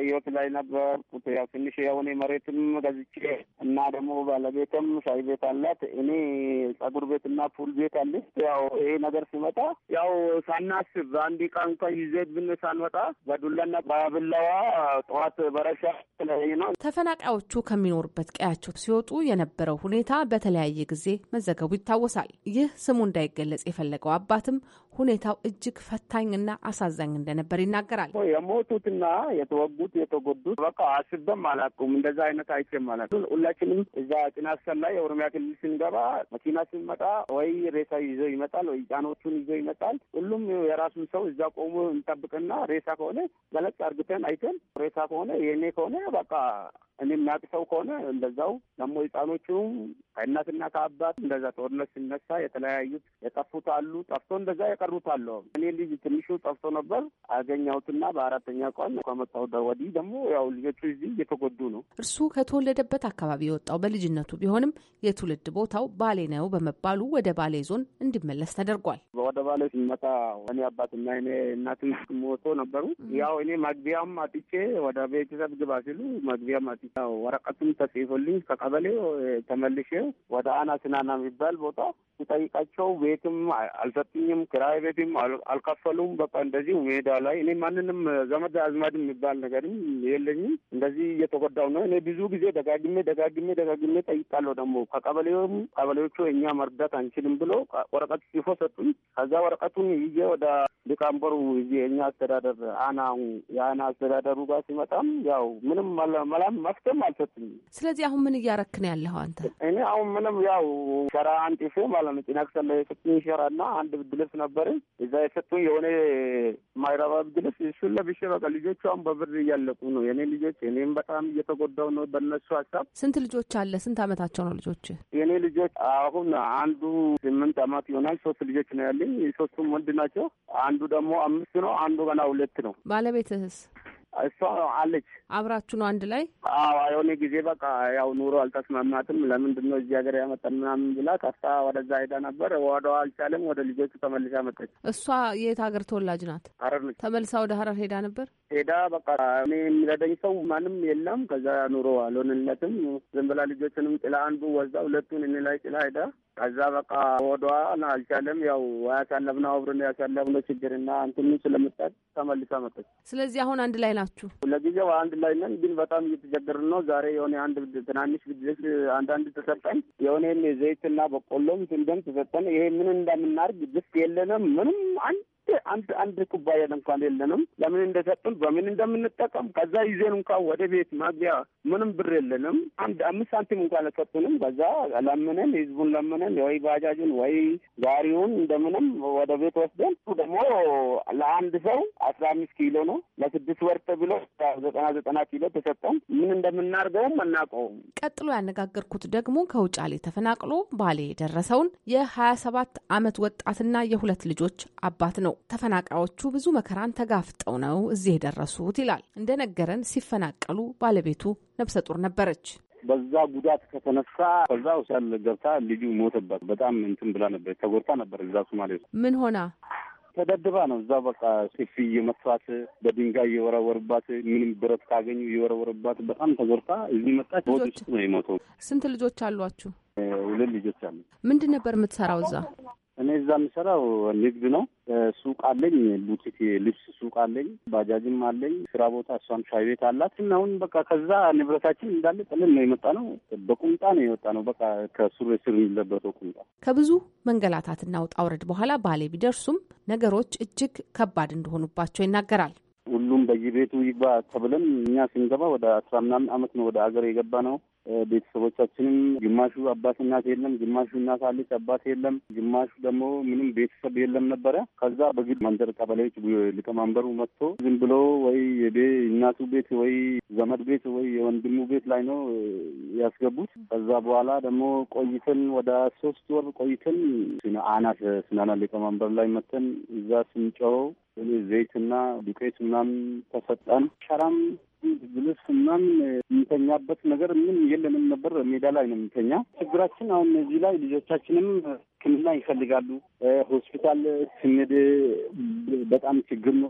ህይወት ላይ ነበርኩት። ያው ትንሽ የሆነ መሬትም ገዝቼ እና ደግሞ ባለቤትም ሻይ ቤት አላት። እኔ ጸጉር ቤት እና ፑል ቤት አለ። ያው ይሄ ነገር ሲመጣ ያው ሳናስብ በአንድ ዕቃ እንኳ ብን ሳንመጣ በዱላና በብላዋ ጠዋት በረሻ ስለይ ነው። ተፈናቃዮቹ ከሚኖሩበት ቀያቸው ሲወጡ የነበረው ሁኔታ በተለያየ ጊዜ መዘገቡ ይታወሳል። ይህ ስሙ እንዳይገለጽ የፈለገው አባትም ሁኔታው እጅግ ፈታኝና አሳዛኝ እንደነበር ይናገራል። የሞቱትና የተወጉት የተጎዱት በቃ አስበም አላቁም እንደዛ አይነት አይቼም ማለት ሁላችንም እዛ ጤና ሰላ የኦሮሚያ ክልል ስንገባ መኪና ስንመጣ ወይ ሬሳ ይዞ ይመጣል ወይ ጫኖቹን ይዞ ይመጣል። ሁሉም የራሱን ሰው እዛ ቆሞ እንጠብቅና ሬሳ ከሆነ ገለጽ አርግተን አይተን ሬሳ ከሆነ የኔ ከሆነ በቃ እኔ የሚያውቅ ሰው ከሆነ እንደዛው ደግሞ ህጻኖቹም ከእናትና ከአባት እንደዛ ጦርነት ሲነሳ የተለያዩት የጠፉት አሉ ጠፍቶ እንደዛ ጠሩት አለሁ እኔ ልጅ ትንሹ ጠፍቶ ነበር አገኘሁትና በአራተኛ ቀን ከመጣሁ ወዲህ ደግሞ ያው ልጆቹ እዚህ እየተጎዱ ነው። እርሱ ከተወለደበት አካባቢ የወጣው በልጅነቱ ቢሆንም የትውልድ ቦታው ባሌ ነው በመባሉ ወደ ባሌ ዞን እንዲመለስ ተደርጓል። ወደ ባሌ ሲመጣ እኔ አባትና እኔ እናት ሞቶ ነበሩ። ያው እኔ መግቢያም አጥቼ ወደ ቤተሰብ ግባ ሲሉ መግቢያም አጥቼ ወረቀቱም ተጽፎልኝ ከቀበሌ ተመልሼ ወደ አና ስናና የሚባል ቦታ ሲጠይቃቸው ቤትም አልሰጥኝም ክራ ፀሐይ ቤትም አልከፈሉም። በቃ እንደዚህ ሜዳ ላይ እኔ ማንንም ዘመድ አዝማድ የሚባል ነገርም የለኝም። እንደዚህ እየተጎዳው ነው። እኔ ብዙ ጊዜ ደጋግሜ ደጋግሜ ደጋግሜ ጠይቃለሁ። ደግሞ ከቀበሌውም ቀበሌዎቹ እኛ መርዳት አንችልም ብሎ ወረቀት ጽፎ ሰጡኝ። ከዛ ወረቀቱን ይዤ ወደ ሊቀመንበሩ ይዤ የእኛ አስተዳደር አና የአና አስተዳደሩ ጋር ሲመጣም ያው ምንም መላም መፍትሄም አልሰጡኝ። ስለዚህ አሁን ምን እያረክን ነው አንተ? እኔ አሁን ምንም ያው ሸራ አንጢፌ ማለት ነው ጭናክሰለ የሰጡኝ ሸራና አንድ ብርድ ልብስ ነበር ነበር። እዛ የሰጡን የሆነ ማይራባ ግልፍ እሱን ለብሼ በቃ ልጆቹ አሁን በብር እያለቁ ነው የኔ ልጆች። እኔም በጣም እየተጎዳው ነው በነሱ ሀሳብ። ስንት ልጆች አለ? ስንት አመታቸው ነው ልጆች? የኔ ልጆች አሁን አንዱ ስምንት አመት ይሆናል። ሶስት ልጆች ነው ያለኝ። ሶስቱም ወንድ ናቸው። አንዱ ደግሞ አምስት ነው። አንዱ ገና ሁለት ነው። ባለቤትህስ? እሷ አለች አብራችሁ ነው አንድ ላይ? አዎ የሆነ ጊዜ በቃ ያው ኑሮ አልተስማማትም። ለምንድን ነው እዚህ ሀገር ያመጣን ምናምን ብላ ከፍታ ወደዛ ሄዳ ነበር። ወደ አልቻለም። ወደ ልጆቹ ተመልሳ መጠች። እሷ የት ሀገር ተወላጅ ናት? ሀረር ነች። ተመልሳ ወደ ሀረር ሄዳ ነበር። ሄዳ በቃ እኔ የሚረዳኝ ሰው ማንም የለም። ከዛ ኑሮ አልሆንለትም። ዝም ብላ ልጆችንም ጥላ አንዱ ወዛ ሁለቱን እኔ ላይ ጥላ ሄዳ ከዛ በቃ ወዷን አልቻለም። ያው ያሳለፍነው አብረን ያሳለፍነው ችግርና እንትኑ ስለምጣል ተመልሳ መጠች። ስለዚህ አሁን አንድ ላይ ናችሁ? ለጊዜው አንድ ላይ ነን፣ ግን በጣም እየተቸገርን ነው። ዛሬ የሆነ አንድ ትናንሽ ብድር አንዳንድ ተሰጠን። የሆነ ዘይትና በቆሎም ትንደም ተሰጠን። ይሄ ምን እንደምናርግ ልስ የለንም ምንም አንድ አንድ አንድ ኩባያ እንኳን የለንም። ለምን እንደሰጡን በምን እንደምንጠቀም ከዛ ይዘን እንኳን ወደ ቤት ማግቢያ ምንም ብር የለንም። አንድ አምስት ሳንቲም እንኳን አልሰጡንም። ከዛ ለምንን ህዝቡን ለምንን ወይ ባጃጁን ወይ ጋሪውን እንደምንም ወደ ቤት ወስደን ደግሞ ለአንድ ሰው አስራ አምስት ኪሎ ነው ለስድስት ወር ብሎ ዘጠና ዘጠና ኪሎ ተሰጠን። ምን እንደምናርገውም አናውቀውም። ቀጥሎ ያነጋገርኩት ደግሞ ከውጫሌ ተፈናቅሎ ባሌ የደረሰውን የሀያ ሰባት አመት ወጣትና የሁለት ልጆች አባት ነው። ተፈናቃዮቹ ብዙ መከራን ተጋፍጠው ነው እዚህ የደረሱት ይላል። እንደነገረን ሲፈናቀሉ ባለቤቱ ነብሰ ጡር ነበረች። በዛ ጉዳት ከተነሳ ከዛ ውሳል ገብታ ልጁ ሞተባት። በጣም እንትን ብላ ነበር፣ ተጎድታ ነበር። እዛ ሱማሌ ምን ሆና ተደድባ ነው እዛ በቃ ጥፊ እየመቷት በድንጋይ እየወረወርባት ምንም ብረት ካገኙ እየወረወርባት በጣም ተጎድታ እዚህ መጣች። ወደ ውስጥ ነው የሞተው። ስንት ልጆች አሏችሁ? ሁለት ልጆች አሉ። ምንድን ነበር የምትሰራው እዛ? እኔ እዛ የምሰራው ንግድ ነው። ሱቅ አለኝ፣ ቡቲክ ልብስ ሱቅ አለኝ፣ ባጃጅም አለኝ፣ ስራ ቦታ እሷም ሻይ ቤት አላት። እና አሁን በቃ ከዛ ንብረታችን እንዳለ ጥልን ነው የመጣ ነው። በቁምጣ ነው የወጣ ነው። በቃ ከሱሪ ስር የሚለበሰው ቁምጣ። ከብዙ መንገላታትና ውጣ ውረድ በኋላ ባሌ ቢደርሱም ነገሮች እጅግ ከባድ እንደሆኑባቸው ይናገራል። ሁሉም በየቤቱ ይግባ ተብለን እኛ ስንገባ ወደ አስራ ምናምን አመት ነው ወደ ሀገር የገባ ነው ቤተሰቦቻችንም ግማሹ አባት እናት የለም፣ ግማሹ እናት አለች አባት የለም፣ ግማሹ ደግሞ ምንም ቤተሰብ የለም ነበረ። ከዛ በግል መንደር ቀበሌዎች ሊቀመንበሩ መጥቶ ዝም ብሎ ወይ እናቱ ቤት ወይ ዘመድ ቤት ወይ የወንድሙ ቤት ላይ ነው ያስገቡት። ከዛ በኋላ ደግሞ ቆይተን ወደ ሶስት ወር ቆይተን አናት ስናና ሊቀመንበር ላይ መተን እዛ ስንጨው ዘይትና ዱቄት ምናምን ተሰጠን። ሸራም ልብስ የምንተኛበት ነገር ምን የለንም ነበር። ሜዳ ላይ ነው የምንተኛ። ችግራችን አሁን እዚህ ላይ ልጆቻችንም ሕክምና ይፈልጋሉ። ሆስፒታል ስንሄድ በጣም ችግር ነው።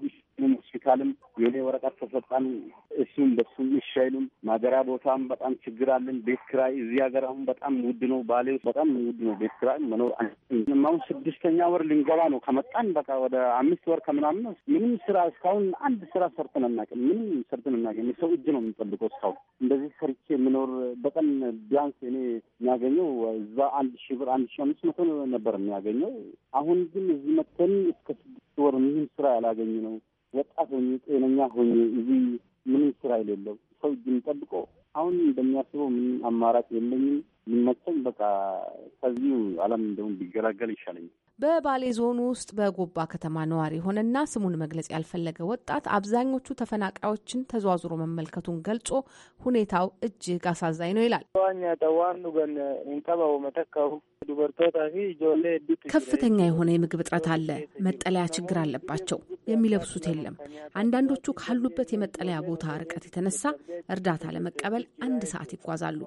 ሆስፒታልም የሆነ ወረቀት ተሰጣን፣ እሱም በሱም እሺ አይሉም። ማገሪያ ቦታም በጣም ችግር አለን። ቤት ኪራይ እዚህ ሀገር አሁን በጣም ውድ ነው። ባሌ ውስጥ በጣም ውድ ነው። ቤት ኪራይ መኖር አሁን ስድስተኛ ወር ልንገባ ነው። ከመጣን በቃ ወደ አምስት ወር ከምናምን ነው። ምንም ስራ እስካሁን አንድ ስራ ሰርተን አናውቅም። ምንም ሰርተን አናውቅም። ሰው እጅ ነው የምንጠብቀው። እስካሁን እንደዚህ ሰርቼ የምኖር በቀን ቢያንስ እኔ የሚያገኘው እዛ አንድ ሺህ ብር አንድ ሺህ አምስት መቶ ነው ነበር የሚያገኘው። አሁን ግን እዚህ መተን እስከ ስድስት ወር ምንም ስራ ያላገኝ ነው ወጣት ሆኝ ጤነኛ ሆኝ እዚህ ምንም ስራ የሌለው ሰው እጅም ጠብቆ አሁን እንደሚያስበው ምንም አማራጭ የለኝም። ሊመቸኝ በቃ ከዚሁ አለም እንደውም ቢገላገል ይሻለኛል። በባሌ ዞን ውስጥ በጎባ ከተማ ነዋሪ የሆነና ስሙን መግለጽ ያልፈለገ ወጣት አብዛኞቹ ተፈናቃዮችን ተዘዋዝሮ መመልከቱን ገልጾ ሁኔታው እጅግ አሳዛኝ ነው ይላል። ከፍተኛ የሆነ የምግብ እጥረት አለ። መጠለያ ችግር አለባቸው። የሚለብሱት የለም። አንዳንዶቹ ካሉበት የመጠለያ ቦታ ርቀት የተነሳ እርዳታ ለመቀበል አንድ ሰዓት ይጓዛሉ።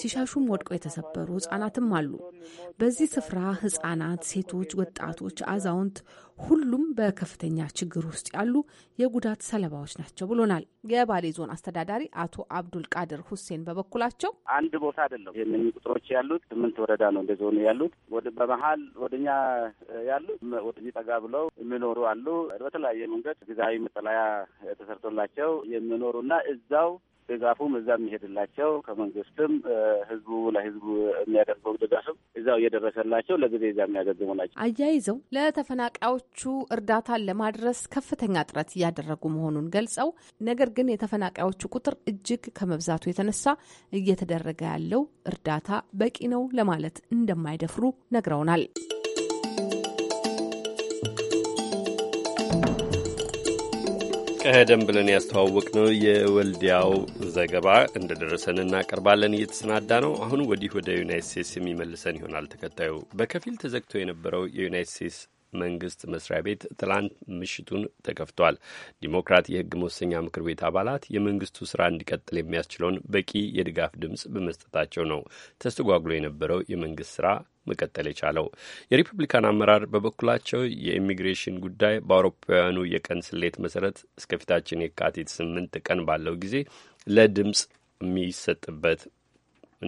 ሲሻሹም ወድቀው የተሰበሩ ህጻናትም አሉ። በዚህ ስፍራ ህጻናት፣ ሴቶች ወጣቶች፣ አዛውንት፣ ሁሉም በከፍተኛ ችግር ውስጥ ያሉ የጉዳት ሰለባዎች ናቸው ብሎናል። የባሌ ዞን አስተዳዳሪ አቶ አብዱል ቃድር ሁሴን በበኩላቸው አንድ ቦታ አይደለም ይህንን ቁጥሮች ያሉት ስምንት ወረዳ ነው እንደ ዞኑ ያሉት በመሀል ወደኛ ያሉት ወደዚህ ጠጋ ብለው የሚኖሩ አሉ። በተለያየ መንገድ ጊዜያዊ መጠለያ ተሰርቶላቸው የሚኖሩና እዛው ድጋፉም እዛ የሚሄድላቸው ከመንግስትም ህዝቡ ለህዝቡ የሚያደርገው ድጋፍም እዛው እየደረሰላቸው ለጊዜ እዛ የሚያገግሙ ናቸው። አያይዘው ለተፈናቃዮቹ እርዳታን ለማድረስ ከፍተኛ ጥረት እያደረጉ መሆኑን ገልጸው ነገር ግን የተፈናቃዮቹ ቁጥር እጅግ ከመብዛቱ የተነሳ እየተደረገ ያለው እርዳታ በቂ ነው ለማለት እንደማይደፍሩ ነግረውናል። ቀደም ብለን ነው የወልዲያው ዘገባ እንደደረሰን እናቀርባለን። እየተሰናዳ ነው። አሁን ወዲህ ወደ ዩናይት ስቴትስ የሚመልሰን ይሆናል ተከታዩ። በከፊል ተዘግቶ የነበረው የዩናይት ስቴትስ መንግስት መስሪያ ቤት ትላንት ምሽቱን ተከፍቷል። ዲሞክራት የህግ መወሰኛ ምክር ቤት አባላት የመንግስቱ ስራ እንዲቀጥል የሚያስችለውን በቂ የድጋፍ ድምፅ በመስጠታቸው ነው ተስተጓጉሎ የነበረው የመንግስት ስራ መቀጠል የቻለው። የሪፐብሊካን አመራር በበኩላቸው የኢሚግሬሽን ጉዳይ በአውሮፓውያኑ የቀን ስሌት መሰረት እስከፊታችን የካቲት ስምንት ቀን ባለው ጊዜ ለድምፅ የሚሰጥበት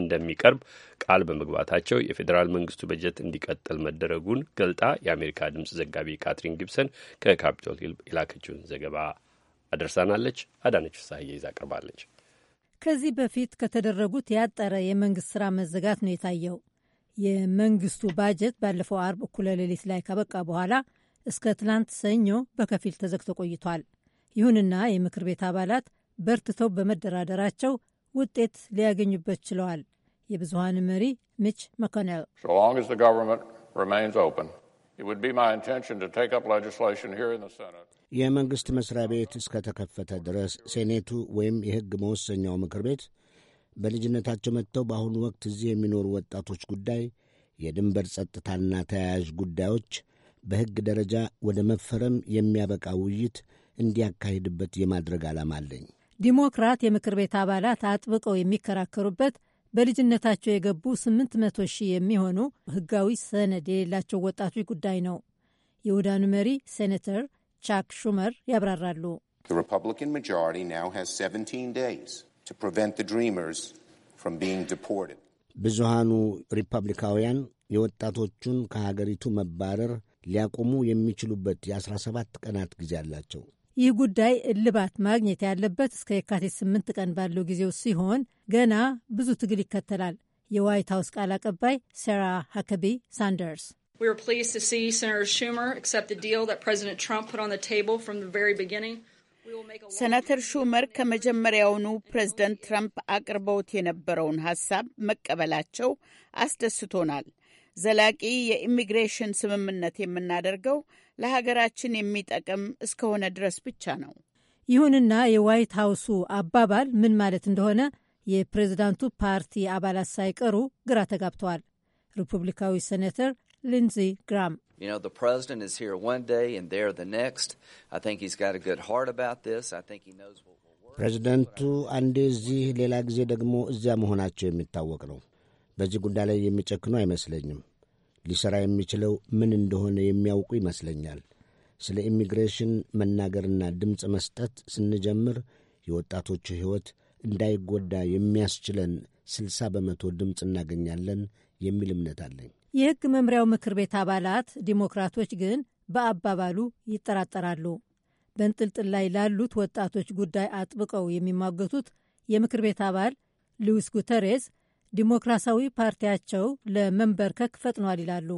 እንደሚቀርብ ቃል በመግባታቸው የፌዴራል መንግስቱ በጀት እንዲቀጥል መደረጉን ገልጣ የአሜሪካ ድምፅ ዘጋቢ ካትሪን ጊብሰን ከካፒቶል ሂል የላከችውን ዘገባ አደርሳናለች። አዳነች ፍሳሐዬ ይዛ ቀርባለች። ከዚህ በፊት ከተደረጉት ያጠረ የመንግስት ስራ መዘጋት ነው የታየው። የመንግስቱ ባጀት ባለፈው አርብ እኩለ ሌሊት ላይ ካበቃ በኋላ እስከ ትላንት ሰኞ በከፊል ተዘግቶ ቆይቷል። ይሁንና የምክር ቤት አባላት በርትተው በመደራደራቸው ውጤት ሊያገኙበት ችለዋል። የብዙሀን መሪ ሚች መኮኔል የመንግሥት መስሪያ ቤት እስከ ተከፈተ ድረስ ሴኔቱ ወይም የሕግ መወሰኛው ምክር ቤት በልጅነታቸው መጥተው በአሁኑ ወቅት እዚህ የሚኖሩ ወጣቶች ጉዳይ፣ የድንበር ጸጥታና ተያያዥ ጉዳዮች በሕግ ደረጃ ወደ መፈረም የሚያበቃ ውይይት እንዲያካሂድበት የማድረግ ዓላማ አለኝ። ዲሞክራት የምክር ቤት አባላት አጥብቀው የሚከራከሩበት በልጅነታቸው የገቡ 800 ሺህ የሚሆኑ ህጋዊ ሰነድ የሌላቸው ወጣቶች ጉዳይ ነው። የውዳኑ መሪ ሴኔተር ቻክ ሹመር ያብራራሉ። ብዙሃኑ ሪፐብሊካውያን የወጣቶቹን ከሀገሪቱ መባረር ሊያቆሙ የሚችሉበት የ17 ቀናት ጊዜ አላቸው። ይህ ጉዳይ እልባት ማግኘት ያለበት እስከ የካቲት ስምንት ቀን ባለው ጊዜው ሲሆን ገና ብዙ ትግል ይከተላል። የዋይት ሀውስ ቃል አቀባይ ሳራ ሀከቢ ሳንደርስ ሰናተር ሹመር ከመጀመሪያውኑ ፕሬዝደንት ትራምፕ አቅርበውት የነበረውን ሀሳብ መቀበላቸው አስደስቶናል። ዘላቂ የኢሚግሬሽን ስምምነት የምናደርገው ለሀገራችን የሚጠቅም እስከሆነ ድረስ ብቻ ነው። ይሁንና የዋይት ሀውሱ አባባል ምን ማለት እንደሆነ የፕሬዝዳንቱ ፓርቲ አባላት ሳይቀሩ ግራ ተጋብተዋል። ሪፑብሊካዊ ሴኔተር ሊንዚ ግራም ፕሬዚደንቱ አንዴ እዚህ ሌላ ጊዜ ደግሞ እዚያ መሆናቸው የሚታወቅ ነው። በዚህ ጉዳይ ላይ የሚጨክኑ አይመስለኝም። ሊሠራ የሚችለው ምን እንደሆነ የሚያውቁ ይመስለኛል። ስለ ኢሚግሬሽን መናገርና ድምፅ መስጠት ስንጀምር የወጣቶቹ ሕይወት እንዳይጎዳ የሚያስችለን ስልሳ በመቶ ድምፅ እናገኛለን የሚል እምነት አለኝ። የሕግ መምሪያው ምክር ቤት አባላት ዲሞክራቶች ግን በአባባሉ ይጠራጠራሉ። በንጥልጥል ላይ ላሉት ወጣቶች ጉዳይ አጥብቀው የሚሟገቱት የምክር ቤት አባል ሉዊስ ጉተሬስ ዲሞክራሲያዊ ፓርቲያቸው ለመንበርከክ ፈጥኗል ይላሉ።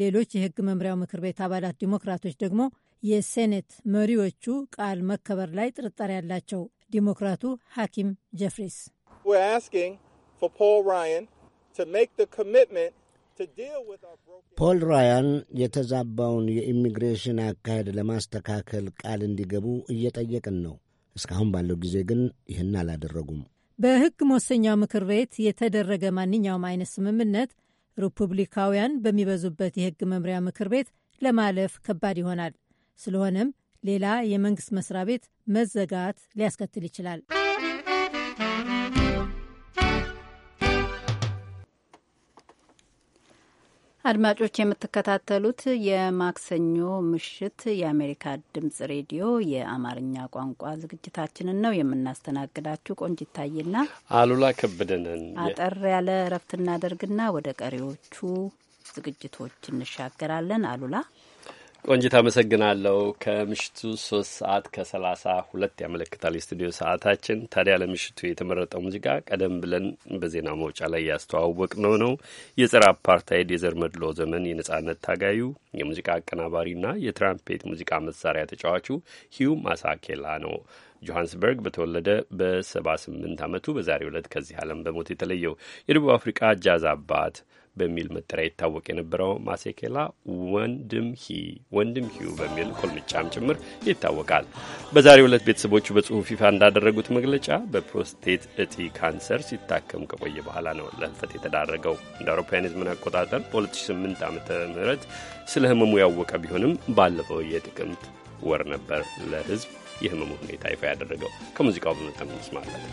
ሌሎች የህግ መምሪያው ምክር ቤት አባላት ዲሞክራቶች ደግሞ የሴኔት መሪዎቹ ቃል መከበር ላይ ጥርጣሬ ያላቸው። ዲሞክራቱ ሐኪም ጀፍሪስ ፖል ራያን የተዛባውን የኢሚግሬሽን አካሄድ ለማስተካከል ቃል እንዲገቡ እየጠየቅን ነው። እስካሁን ባለው ጊዜ ግን ይህን አላደረጉም። በሕግ መወሰኛው ምክር ቤት የተደረገ ማንኛውም አይነት ስምምነት ሪፑብሊካውያን በሚበዙበት የሕግ መምሪያ ምክር ቤት ለማለፍ ከባድ ይሆናል። ስለሆነም ሌላ የመንግሥት መስሪያ ቤት መዘጋት ሊያስከትል ይችላል። አድማጮች የምትከታተሉት የማክሰኞ ምሽት የአሜሪካ ድምጽ ሬዲዮ የአማርኛ ቋንቋ ዝግጅታችንን ነው የምናስተናግዳችሁ። ቆንጅ ታይና አሉላ ከበደንን። አጠር ያለ እረፍት እናደርግና ወደ ቀሪዎቹ ዝግጅቶች እንሻገራለን። አሉላ ቆንጅት አመሰግናለሁ። ከምሽቱ ሶስት ሰዓት ከሰላሳ ሁለት ያመለክታል የስቱዲዮ ሰዓታችን። ታዲያ ለምሽቱ የተመረጠው ሙዚቃ ቀደም ብለን በዜና መውጫ ላይ ያስተዋወቅ ነው ነው የጸረ አፓርታይድ የዘር መድሎ ዘመን የነጻነት ታጋዩ የሙዚቃ አቀናባሪና የትራምፔት ሙዚቃ መሳሪያ ተጫዋቹ ሂው ማሳኬላ ነው። ጆሃንስበርግ በተወለደ በ78 ዓመቱ በዛሬው ዕለት ከዚህ ዓለም በሞት የተለየው የደቡብ አፍሪቃ ጃዝ አባት በሚል መጠሪያ ይታወቅ የነበረው ማሴኬላ ወንድም ሂ ወንድም ሂው በሚል ኮልምጫም ጭምር ይታወቃል። በዛሬው ዕለት ቤተሰቦቹ በጽሁፍ ይፋ እንዳደረጉት መግለጫ በፕሮስቴት እጢ ካንሰር ሲታከም ከቆየ በኋላ ነው ለህልፈት የተዳረገው። እንደ አውሮፓውያን የዘመን አቆጣጠር በ2008 ዓ ም ስለ ህመሙ ያወቀ ቢሆንም ባለፈው የጥቅምት ወር ነበር ለህዝብ የህመሙ ሁኔታ ይፋ ያደረገው። ከሙዚቃው በመጠን እንስማለን።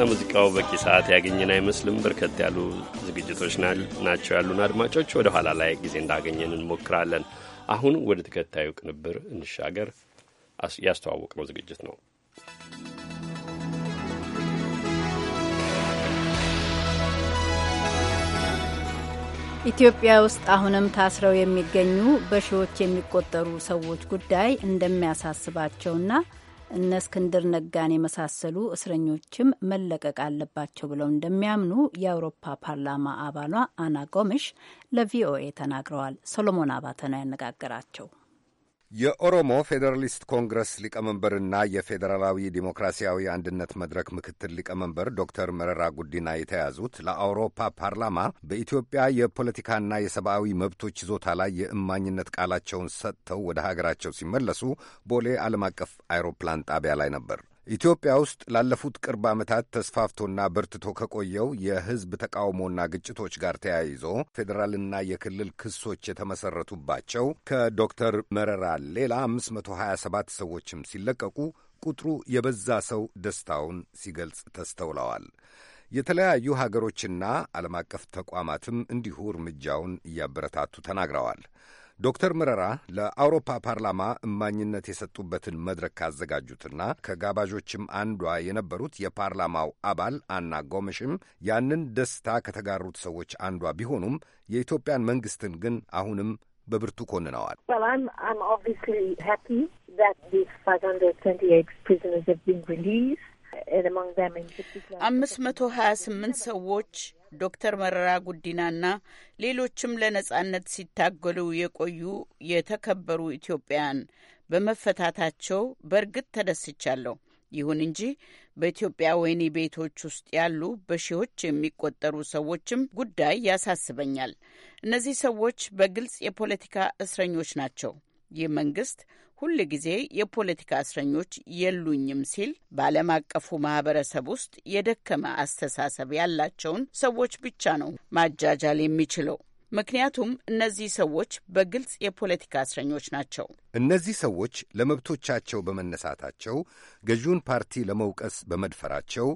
ለሙዚቃው በቂ ሰዓት ያገኘን አይመስልም። በርከት ያሉ ዝግጅቶች ናቸው ያሉን አድማጮች፣ ወደ ኋላ ላይ ጊዜ እንዳገኘን እንሞክራለን። አሁን ወደ ተከታዩ ቅንብር እንሻገር። ያስተዋወቅነው ዝግጅት ነው ኢትዮጵያ ውስጥ አሁንም ታስረው የሚገኙ በሺዎች የሚቆጠሩ ሰዎች ጉዳይ እንደሚያሳስባቸውና እነ እስክንድር ነጋን የመሳሰሉ እስረኞችም መለቀቅ አለባቸው ብለው እንደሚያምኑ የአውሮፓ ፓርላማ አባሏ አና ጎምሽ ለቪኦኤ ተናግረዋል። ሶሎሞን አባተ ነው ያነጋገራቸው። የኦሮሞ ፌዴራሊስት ኮንግረስ ሊቀመንበርና የፌዴራላዊ ዲሞክራሲያዊ አንድነት መድረክ ምክትል ሊቀመንበር ዶክተር መረራ ጉዲና የተያዙት ለአውሮፓ ፓርላማ በኢትዮጵያ የፖለቲካና የሰብአዊ መብቶች ይዞታ ላይ የእማኝነት ቃላቸውን ሰጥተው ወደ ሀገራቸው ሲመለሱ ቦሌ ዓለም አቀፍ አይሮፕላን ጣቢያ ላይ ነበር። ኢትዮጵያ ውስጥ ላለፉት ቅርብ ዓመታት ተስፋፍቶና በርትቶ ከቆየው የሕዝብ ተቃውሞና ግጭቶች ጋር ተያይዞ ፌዴራልና የክልል ክሶች የተመሰረቱባቸው ከዶክተር መረራ ሌላ 527 ሰዎችም ሲለቀቁ ቁጥሩ የበዛ ሰው ደስታውን ሲገልጽ ተስተውለዋል። የተለያዩ ሀገሮችና ዓለም አቀፍ ተቋማትም እንዲሁ እርምጃውን እያበረታቱ ተናግረዋል። ዶክተር መረራ ለአውሮፓ ፓርላማ እማኝነት የሰጡበትን መድረክ ካዘጋጁትና ከጋባዦችም አንዷ የነበሩት የፓርላማው አባል አና ጎመሽም ያንን ደስታ ከተጋሩት ሰዎች አንዷ ቢሆኑም የኢትዮጵያን መንግስትን ግን አሁንም በብርቱ ኮንነዋል። አምስት መቶ ሀያ ስምንት ሰዎች ዶክተር መረራ ጉዲናና ሌሎችም ለነጻነት ሲታገሉ የቆዩ የተከበሩ ኢትዮጵያን በመፈታታቸው በእርግጥ ተደስቻለሁ። ይሁን እንጂ በኢትዮጵያ ወህኒ ቤቶች ውስጥ ያሉ በሺዎች የሚቆጠሩ ሰዎችም ጉዳይ ያሳስበኛል። እነዚህ ሰዎች በግልጽ የፖለቲካ እስረኞች ናቸው። ይህ መንግስት ሁል ጊዜ የፖለቲካ እስረኞች የሉኝም ሲል በዓለም አቀፉ ማህበረሰብ ውስጥ የደከመ አስተሳሰብ ያላቸውን ሰዎች ብቻ ነው ማጃጃል የሚችለው። ምክንያቱም እነዚህ ሰዎች በግልጽ የፖለቲካ እስረኞች ናቸው። እነዚህ ሰዎች ለመብቶቻቸው በመነሳታቸው ገዢውን ፓርቲ ለመውቀስ በመድፈራቸው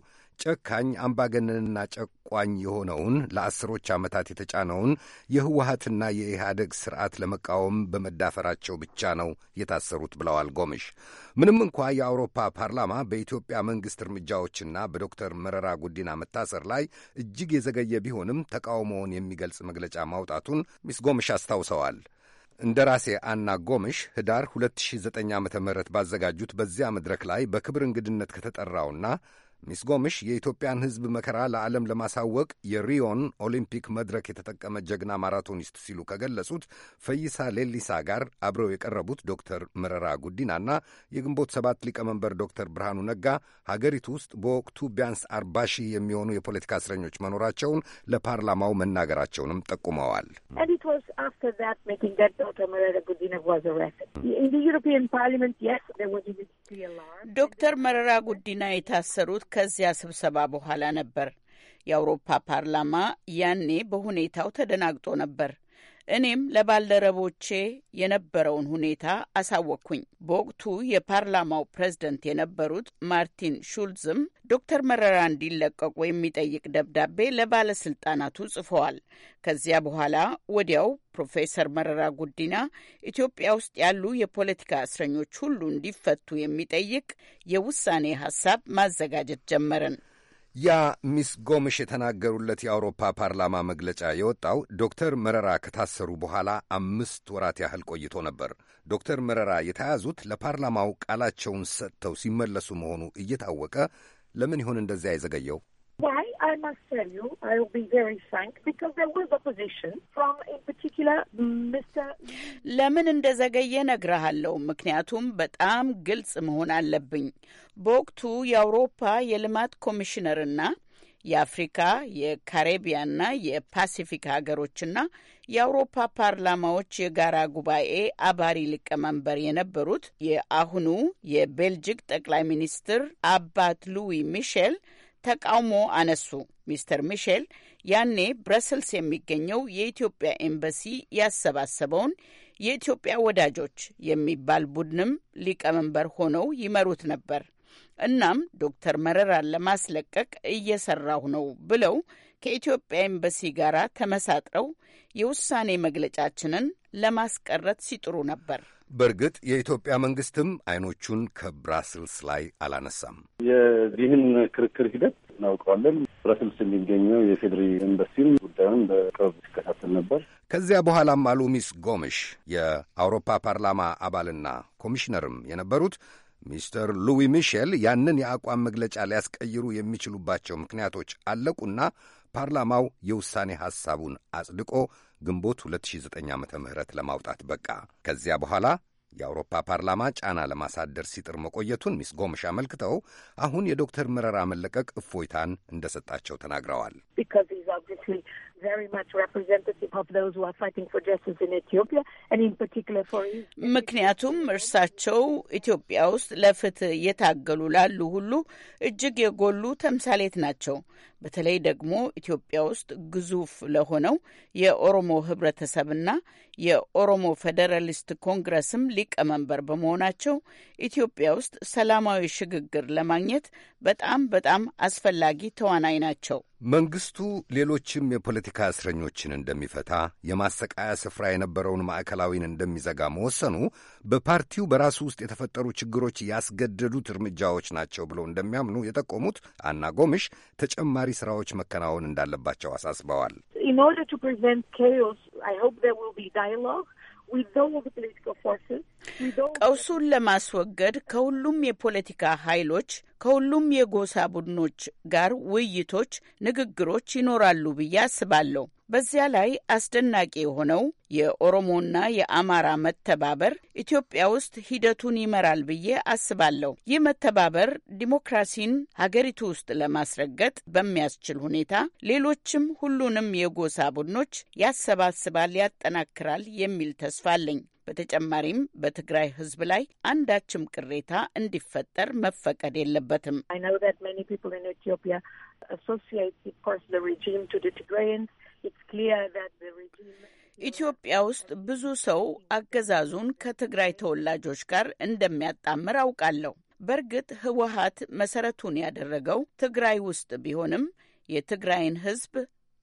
ጨካኝ አምባገነንና ጨቋኝ የሆነውን ለአስሮች ዓመታት የተጫነውን የህወሀትና የኢህአደግ ስርዓት ለመቃወም በመዳፈራቸው ብቻ ነው የታሰሩት ብለዋል ጎምሽ። ምንም እንኳ የአውሮፓ ፓርላማ በኢትዮጵያ መንግሥት እርምጃዎችና በዶክተር መረራ ጉዲና መታሰር ላይ እጅግ የዘገየ ቢሆንም ተቃውሞውን የሚገልጽ መግለጫ ማውጣቱን ሚስ ጎምሽ አስታውሰዋል። እንደራሴ አና ጎምሽ ህዳር 2009 ዓ ም ባዘጋጁት በዚያ መድረክ ላይ በክብር እንግድነት ከተጠራውና ሚስ ጎምሽ የኢትዮጵያን ሕዝብ መከራ ለዓለም ለማሳወቅ የሪዮን ኦሊምፒክ መድረክ የተጠቀመ ጀግና ማራቶኒስት ሲሉ ከገለጹት ፈይሳ ሌሊሳ ጋር አብረው የቀረቡት ዶክተር መረራ ጉዲናና የግንቦት ሰባት ሊቀመንበር ዶክተር ብርሃኑ ነጋ ሀገሪቱ ውስጥ በወቅቱ ቢያንስ አርባ ሺህ የሚሆኑ የፖለቲካ እስረኞች መኖራቸውን ለፓርላማው መናገራቸውንም ጠቁመዋል። ዶክተር መረራ ጉዲና የታሰሩት ከዚያ ስብሰባ በኋላ ነበር። የአውሮፓ ፓርላማ ያኔ በሁኔታው ተደናግጦ ነበር። እኔም ለባልደረቦቼ የነበረውን ሁኔታ አሳወቅኩኝ። በወቅቱ የፓርላማው ፕሬዝደንት የነበሩት ማርቲን ሹልዝም ዶክተር መረራ እንዲለቀቁ የሚጠይቅ ደብዳቤ ለባለስልጣናቱ ጽፈዋል። ከዚያ በኋላ ወዲያው ፕሮፌሰር መረራ ጉዲና ኢትዮጵያ ውስጥ ያሉ የፖለቲካ እስረኞች ሁሉ እንዲፈቱ የሚጠይቅ የውሳኔ ሀሳብ ማዘጋጀት ጀመርን። ያ ሚስ ጎምሽ የተናገሩለት የአውሮፓ ፓርላማ መግለጫ የወጣው ዶክተር መረራ ከታሰሩ በኋላ አምስት ወራት ያህል ቆይቶ ነበር። ዶክተር መረራ የተያዙት ለፓርላማው ቃላቸውን ሰጥተው ሲመለሱ መሆኑ እየታወቀ ለምን ይሆን እንደዚያ የዘገየው? I must tell you, I will be very frank, because there was opposition from, in particular, Mr. ለምን እንደዘገየ ነግረሃለሁ። ምክንያቱም በጣም ግልጽ መሆን አለብኝ። በወቅቱ የአውሮፓ የልማት ኮሚሽነርና የአፍሪካ የካሪቢያና የፓሲፊክ ሀገሮችና የአውሮፓ ፓርላማዎች የጋራ ጉባኤ አባሪ ሊቀመንበር የነበሩት የአሁኑ የቤልጅክ ጠቅላይ ሚኒስትር አባት ሉዊ ሚሼል ተቃውሞ አነሱ። ሚስተር ሚሼል ያኔ ብረስልስ የሚገኘው የኢትዮጵያ ኤምባሲ ያሰባሰበውን የኢትዮጵያ ወዳጆች የሚባል ቡድንም ሊቀመንበር ሆነው ይመሩት ነበር። እናም ዶክተር መረራን ለማስለቀቅ እየሰራሁ ነው ብለው ከኢትዮጵያ ኤምባሲ ጋር ተመሳጥረው የውሳኔ መግለጫችንን ለማስቀረት ሲጥሩ ነበር። በእርግጥ የኢትዮጵያ መንግስትም አይኖቹን ከብራስልስ ላይ አላነሳም። የዚህን ክርክር ሂደት እናውቀዋለን። ብራስልስ የሚገኘው የፌዴሪ ኤምባሲም ጉዳዩን በቅርብ ሲከታተል ነበር። ከዚያ በኋላም አሉ ሚስ ጎምሽ የአውሮፓ ፓርላማ አባልና ኮሚሽነርም የነበሩት ሚስተር ሉዊ ሚሼል ያንን የአቋም መግለጫ ሊያስቀይሩ የሚችሉባቸው ምክንያቶች አለቁና ፓርላማው የውሳኔ ሐሳቡን አጽድቆ ግንቦት 2009 ዓ ም ለማውጣት በቃ። ከዚያ በኋላ የአውሮፓ ፓርላማ ጫና ለማሳደር ሲጥር መቆየቱን ሚስ ጎምሽ አመልክተው አሁን የዶክተር መረራ መለቀቅ እፎይታን እንደሰጣቸው ተናግረዋል። (laughs) ምክንያቱም እርሳቸው ኢትዮጵያ ውስጥ ለፍትህ እየታገሉ ላሉ ሁሉ እጅግ የጎሉ ተምሳሌት ናቸው። በተለይ ደግሞ ኢትዮጵያ ውስጥ ግዙፍ ለሆነው የኦሮሞ ህብረተሰብና የኦሮሞ ፌዴራሊስት ኮንግረስም ሊቀመንበር በመሆናቸው ኢትዮጵያ ውስጥ ሰላማዊ ሽግግር ለማግኘት በጣም በጣም አስፈላጊ ተዋናይ ናቸው። መንግስቱ ሌሎችም የፖለቲካ እስረኞችን እንደሚፈታ፣ የማሰቃያ ስፍራ የነበረውን ማዕከላዊን እንደሚዘጋ መወሰኑ በፓርቲው በራሱ ውስጥ የተፈጠሩ ችግሮች ያስገደዱት እርምጃዎች ናቸው ብለው እንደሚያምኑ የጠቆሙት አና ጎምሽ ተጨማሪ ስራዎች መከናወን እንዳለባቸው አሳስበዋል። ቀውሱን ለማስወገድ ከሁሉም የፖለቲካ ኃይሎች ከሁሉም የጎሳ ቡድኖች ጋር ውይይቶች፣ ንግግሮች ይኖራሉ ብዬ አስባለሁ። በዚያ ላይ አስደናቂ የሆነው የኦሮሞና የአማራ መተባበር ኢትዮጵያ ውስጥ ሂደቱን ይመራል ብዬ አስባለሁ። ይህ መተባበር ዲሞክራሲን ሀገሪቱ ውስጥ ለማስረገጥ በሚያስችል ሁኔታ ሌሎችም ሁሉንም የጎሳ ቡድኖች ያሰባስባል፣ ያጠናክራል የሚል ተስፋ አለኝ። በተጨማሪም በትግራይ ሕዝብ ላይ አንዳችም ቅሬታ እንዲፈጠር መፈቀድ የለበትም። ኢትዮጵያ ውስጥ ብዙ ሰው አገዛዙን ከትግራይ ተወላጆች ጋር እንደሚያጣምር አውቃለሁ። በእርግጥ ህወሀት መሰረቱን ያደረገው ትግራይ ውስጥ ቢሆንም የትግራይን ህዝብ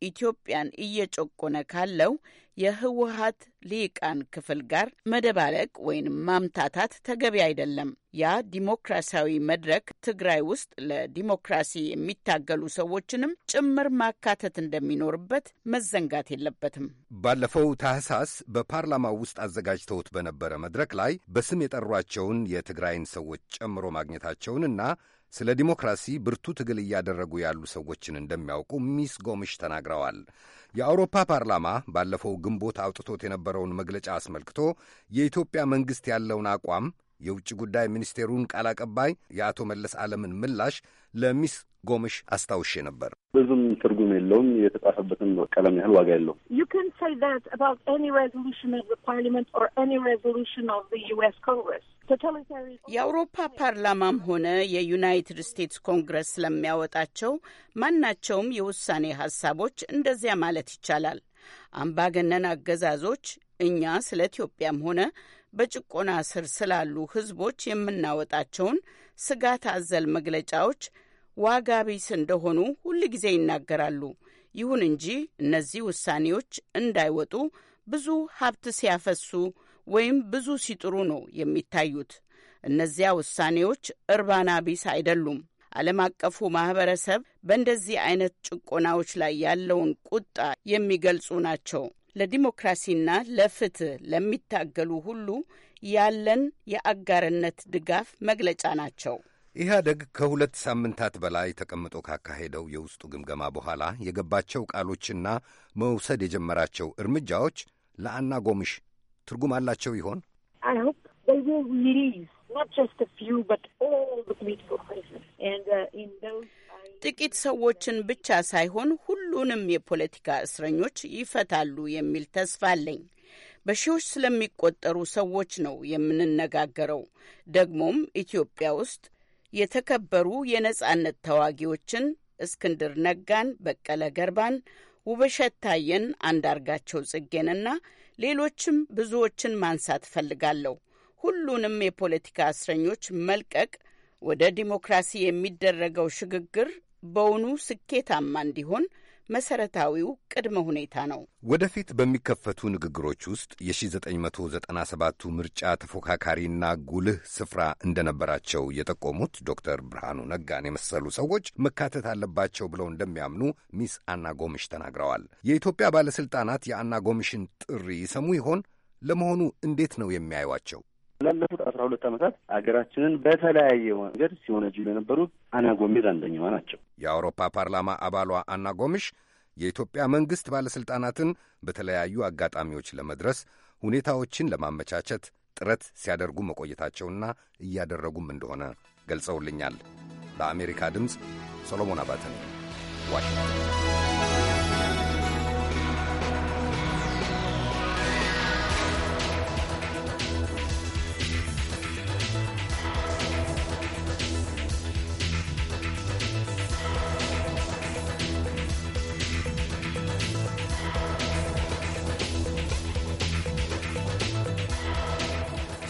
ኢትዮጵያን እየጨቆነ ካለው የህወሀት ሊቃን ክፍል ጋር መደባለቅ ወይም ማምታታት ተገቢ አይደለም። ያ ዲሞክራሲያዊ መድረክ ትግራይ ውስጥ ለዲሞክራሲ የሚታገሉ ሰዎችንም ጭምር ማካተት እንደሚኖርበት መዘንጋት የለበትም። ባለፈው ታህሳስ በፓርላማ ውስጥ አዘጋጅተውት በነበረ መድረክ ላይ በስም የጠሯቸውን የትግራይን ሰዎች ጨምሮ ማግኘታቸውንና ስለ ዲሞክራሲ ብርቱ ትግል እያደረጉ ያሉ ሰዎችን እንደሚያውቁ ሚስ ጎምሽ ተናግረዋል። የአውሮፓ ፓርላማ ባለፈው ግንቦት አውጥቶት የነበረውን መግለጫ አስመልክቶ የኢትዮጵያ መንግሥት ያለውን አቋም የውጭ ጉዳይ ሚኒስቴሩን ቃል አቀባይ የአቶ መለስ አለምን ምላሽ ለሚስ ጎምሽ አስታውሼ ነበር። ብዙም ትርጉም የለውም። የተጻፈበትን ቀለም ያህል ዋጋ የለውም። የአውሮፓ ፓርላማም ሆነ የዩናይትድ ስቴትስ ኮንግረስ ስለሚያወጣቸው ማናቸውም የውሳኔ ሀሳቦች እንደዚያ ማለት ይቻላል። አምባገነን አገዛዞች እኛ ስለ ኢትዮጵያም ሆነ በጭቆና ስር ስላሉ ህዝቦች የምናወጣቸውን ስጋት አዘል መግለጫዎች ዋጋ ቢስ እንደሆኑ ሁል ጊዜ ይናገራሉ። ይሁን እንጂ እነዚህ ውሳኔዎች እንዳይወጡ ብዙ ሀብት ሲያፈሱ ወይም ብዙ ሲጥሩ ነው የሚታዩት። እነዚያ ውሳኔዎች እርባና ቢስ አይደሉም። ዓለም አቀፉ ማህበረሰብ በእንደዚህ አይነት ጭቆናዎች ላይ ያለውን ቁጣ የሚገልጹ ናቸው። ለዲሞክራሲና ለፍትህ ለሚታገሉ ሁሉ ያለን የአጋርነት ድጋፍ መግለጫ ናቸው። ኢህአደግ ከሁለት ሳምንታት በላይ ተቀምጦ ካካሄደው የውስጡ ግምገማ በኋላ የገባቸው ቃሎችና መውሰድ የጀመራቸው እርምጃዎች ለአና ጎምሽ ትርጉም አላቸው ይሆን? Uh, ጥቂት ሰዎችን ብቻ ሳይሆን ሁሉ ሁሉንም የፖለቲካ እስረኞች ይፈታሉ የሚል ተስፋ አለኝ። በሺዎች ስለሚቆጠሩ ሰዎች ነው የምንነጋገረው። ደግሞም ኢትዮጵያ ውስጥ የተከበሩ የነጻነት ተዋጊዎችን እስክንድር ነጋን፣ በቀለ ገርባን፣ ውብሸት ታየን፣ አንዳርጋቸው ጽጌንና ሌሎችም ብዙዎችን ማንሳት እፈልጋለሁ። ሁሉንም የፖለቲካ እስረኞች መልቀቅ ወደ ዲሞክራሲ የሚደረገው ሽግግር በውኑ ስኬታማ እንዲሆን መሰረታዊው ቅድመ ሁኔታ ነው። ወደፊት በሚከፈቱ ንግግሮች ውስጥ የ1997ቱ ምርጫ ተፎካካሪና ጉልህ ስፍራ እንደነበራቸው የጠቆሙት ዶክተር ብርሃኑ ነጋን የመሰሉ ሰዎች መካተት አለባቸው ብለው እንደሚያምኑ ሚስ አና ጎምሽ ተናግረዋል። የኢትዮጵያ ባለሥልጣናት የአና ጎምሽን ጥሪ ይሰሙ ይሆን? ለመሆኑ እንዴት ነው የሚያዩቸው ላለፉት አስራ ሁለት ዓመታት አገራችንን በተለያየ መንገድ ሲወነጅሉ የነበሩት አና ጎሜዝ አንደኛዋ ናቸው። የአውሮፓ ፓርላማ አባሏ አና ጎምሽ የኢትዮጵያ መንግሥት ባለሥልጣናትን በተለያዩ አጋጣሚዎች ለመድረስ ሁኔታዎችን ለማመቻቸት ጥረት ሲያደርጉ መቆየታቸውና እያደረጉም እንደሆነ ገልጸውልኛል። ለአሜሪካ ድምፅ ሰሎሞን አባተ ዋሽንግተን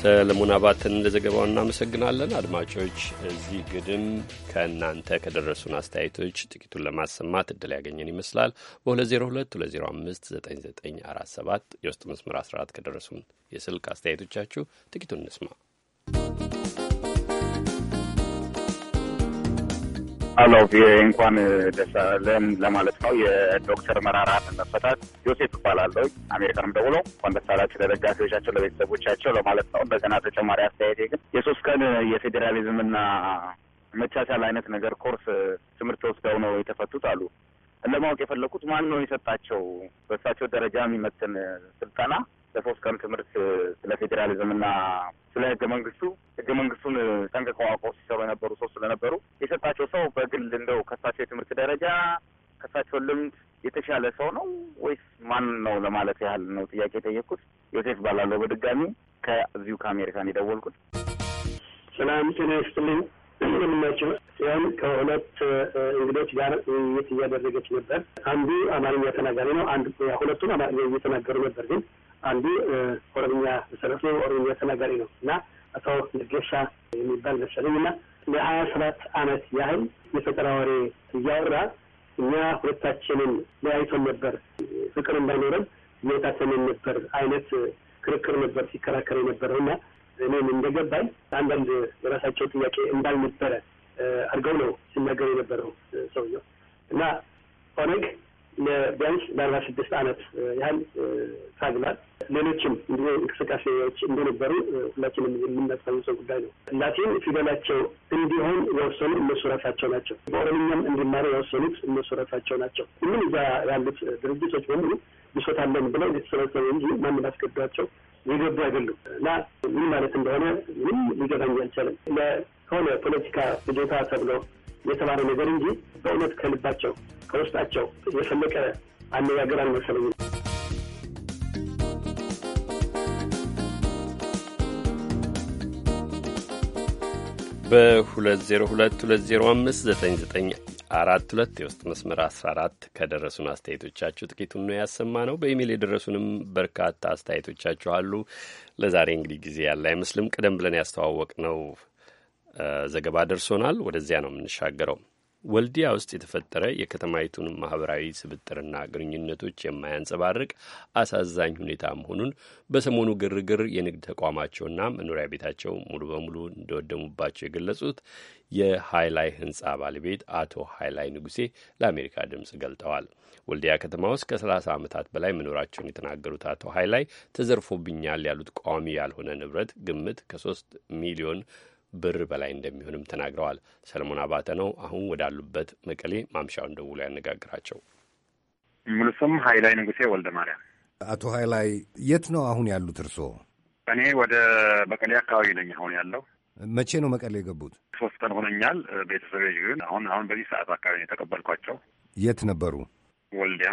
ሰለሞን አባትን ለዘገባው እናመሰግናለን። አድማጮች፣ እዚህ ግድም ከእናንተ ከደረሱን አስተያየቶች ጥቂቱን ለማሰማት እድል ያገኘን ይመስላል። በ202 205 9947 የውስጥ መስመር 14 ከደረሱን የስልክ አስተያየቶቻችሁ ጥቂቱን እንስማ። አላው እንኳን ደስ ለማለት ነው። የዶክተር መራራ መፈታት ዮሴፍ እባላለሁ። አሜሪካንም ደውሎ እንኳን ደስ ለደጋፊዎቻቸው፣ ለቤተሰቦቻቸው ለማለት ነው። እንደገና ተጨማሪ አስተያየቴ ግን የሶስት ቀን የፌዴራሊዝምና መቻቻል አይነት ነገር ኮርስ ትምህርት ወስደው ነው የተፈቱት አሉ። ለማወቅ የፈለኩት ማን ነው የሰጣቸው በእሳቸው ደረጃ የሚመጥን ስልጠና ለሶስት ቀን ትምህርት ስለ ፌዴራሊዝምና ስለ ህገ መንግስቱ ህገ መንግስቱን ጠንቅቀው አውቀው ሲሰሩ የነበሩ ሰው ስለነበሩ የሰጣቸው ሰው በግል እንደው ከሳቸው የትምህርት ደረጃ ከሳቸው ልምድ የተሻለ ሰው ነው ወይስ ማን ነው ለማለት ያህል ነው ጥያቄ የጠየቅኩት። ዮሴፍ ባላለው በድጋሚ ከዚሁ ከአሜሪካን የደወልኩት። ሰላም ጤና ይስጥልኝ። እንደምናቸው ሲሆን ከሁለት እንግዶች ጋር ውይይት እያደረገች ነበር። አንዱ አማርኛ ተናጋሪ ነው። አንድ ሁለቱን አማርኛ እየተናገሩ ነበር፣ ግን አንዱ ኦሮምኛ መሰረት ነው ኦሮምኛ ተናጋሪ ነው እና አቶ ልጌሻ የሚባል መሰለኝ እና ለሀያ ሰባት አመት ያህል የፈጠራ ወሬ እያወራ እኛ ሁለታችንን ለያይቶን ነበር። ፍቅር ባይኖረም እየታተንን ነበር አይነት ክርክር ነበር ሲከራከር የነበረው እና እኔም እንደገባኝ አንዳንድ የራሳቸው ጥያቄ እንዳልነበረ አድርገው ነው ሲናገር የነበረው ሰውየው እና ኦነግ ለቢያንስ ለአርባ ስድስት አመት ያህል ታግሏል። ሌሎችም እንዲሁ እንቅስቃሴዎች እንደነበሩ ሁላችንም የምናስታውሰው ጉዳይ ነው። ላቲን ፊደላቸው እንዲሆን የወሰኑ እነሱ ራሳቸው ናቸው። በኦሮምኛም እንዲማሩ የወሰኑት እነሱ ራሳቸው ናቸው። ምን እዛ ያሉት ድርጅቶች በሙሉ ብሶታለን ብለው የተሰበሰበ እንጂ ማንም አስገዷቸው የገቡ አይደሉም እና ምን ማለት እንደሆነ ምንም ሊገባኝ አልቻለም። ለሆነ ፖለቲካ ፍጆታ ተብሎ የተባለ ነገር እንጂ በእውነት ከልባቸው ከውስጣቸው የፈለቀ አነጋገር አልመሰለኝም። በ202205 አራት ሁለት የውስጥ መስመር 14 ከደረሱን አስተያየቶቻችሁ ጥቂቱን ነው ያሰማ ነው። በኢሜል የደረሱንም በርካታ አስተያየቶቻችሁ አሉ። ለዛሬ እንግዲህ ጊዜ ያለ አይመስልም። ቀደም ብለን ያስተዋወቅ ነው ዘገባ ደርሶናል። ወደዚያ ነው የምንሻገረው። ወልዲያ ውስጥ የተፈጠረ የከተማይቱን ማህበራዊ ስብጥርና ግንኙነቶች የማያንጸባርቅ አሳዛኝ ሁኔታ መሆኑን በሰሞኑ ግርግር የንግድ ተቋማቸውና መኖሪያ ቤታቸው ሙሉ በሙሉ እንደወደሙባቸው የገለጹት የሃይላይ ህንፃ ባለቤት አቶ ሀይላይ ንጉሴ ለአሜሪካ ድምፅ ገልጠዋል። ወልዲያ ከተማ ውስጥ ከሰላሳ ዓመታት በላይ መኖራቸውን የተናገሩት አቶ ሃይላይ ተዘርፎብኛል ያሉት ቋሚ ያልሆነ ንብረት ግምት ከሶስት ሚሊዮን ብር በላይ እንደሚሆንም ተናግረዋል። ሰለሞን አባተ ነው አሁን ወዳሉበት መቀሌ ማምሻውን ደውሎ ያነጋግራቸው። ሙሉ ስም ሀይላይ ንጉሴ ወልደ ማርያም። አቶ ሀይላይ የት ነው አሁን ያሉት እርስዎ? እኔ ወደ መቀሌ አካባቢ ነኝ አሁን ያለው። መቼ ነው መቀሌ የገቡት? ሶስት ቀን ሆነኛል። ቤተሰብ ግን አሁን አሁን በዚህ ሰዓት አካባቢ ነው የተቀበልኳቸው። የት ነበሩ? ወልዲያ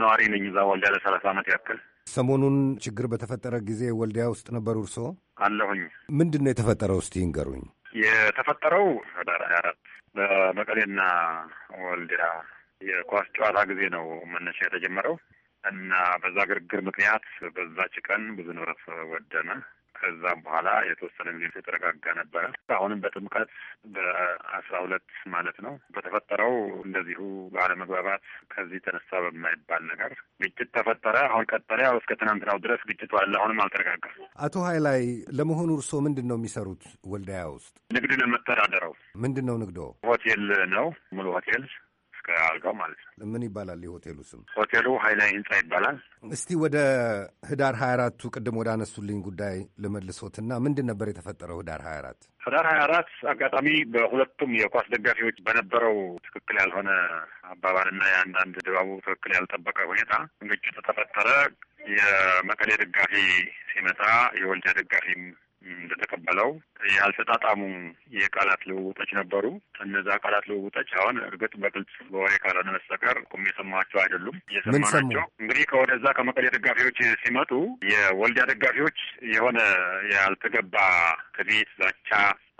ነዋሪ ነኝ። እዛ ወልዲያ ለሰላሳ ዓመት ያክል ሰሞኑን ችግር በተፈጠረ ጊዜ ወልዲያ ውስጥ ነበሩ እርስዎ? አለሁኝ። ምንድን ነው የተፈጠረው? እስቲ ይንገሩኝ። የተፈጠረው ህዳር ሀያ አራት በመቀሌና ወልዲያ የኳስ ጨዋታ ጊዜ ነው መነሻ የተጀመረው እና በዛ ግርግር ምክንያት በዛች ቀን ብዙ ንብረት ወደመ። ከዛም በኋላ የተወሰነ ጊዜ የተረጋጋ ነበረ። አሁንም በጥምቀት በአስራ ሁለት ማለት ነው በተፈጠረው እንደዚሁ ባለመግባባት ከዚህ ተነሳ በማይባል ነገር ግጭት ተፈጠረ። አሁን ቀጠለ። ያው እስከ ትናንትናው ድረስ ግጭቱ አለ። አሁንም አልተረጋጋም። አቶ ሀይላይ ለመሆኑ እርስዎ ምንድን ነው የሚሰሩት? ወልዳያ ውስጥ ንግድ ነው የምተዳደረው። ምንድን ነው ንግዶ? ሆቴል ነው ሙሉ ሆቴል እስከ አልጋው ማለት ነው። ምን ይባላል የሆቴሉ ስም? ሆቴሉ ሀይለ ህንጻ ይባላል። እስቲ ወደ ህዳር ሀያ አራቱ ቅድም ወደ አነሱልኝ ጉዳይ ልመልሶትና ምንድን ነበር የተፈጠረው ህዳር ሀያ አራት ህዳር ሀያ አራት አጋጣሚ በሁለቱም የኳስ ደጋፊዎች በነበረው ትክክል ያልሆነ አባባልና የአንዳንድ ድባቡ ትክክል ያልጠበቀ ሁኔታ ግጭት ተፈጠረ። የመቀሌ ደጋፊ ሲመጣ የወልዲያ ደጋፊም እንደተቀበለው ያልተጣጣሙ የቃላት ልውውጦች ነበሩ። እነዛ ቃላት ልውውጦች አሁን እርግጥ በግልጽ በወሬ ካልሆነ በስተቀር ቁም የሰማቸው አይደሉም። የሰማናቸው እንግዲህ ከወደዛ ከመቀሌ ደጋፊዎች ሲመጡ የወልዲያ ደጋፊዎች የሆነ ያልተገባ ትዕቢት፣ ዛቻ፣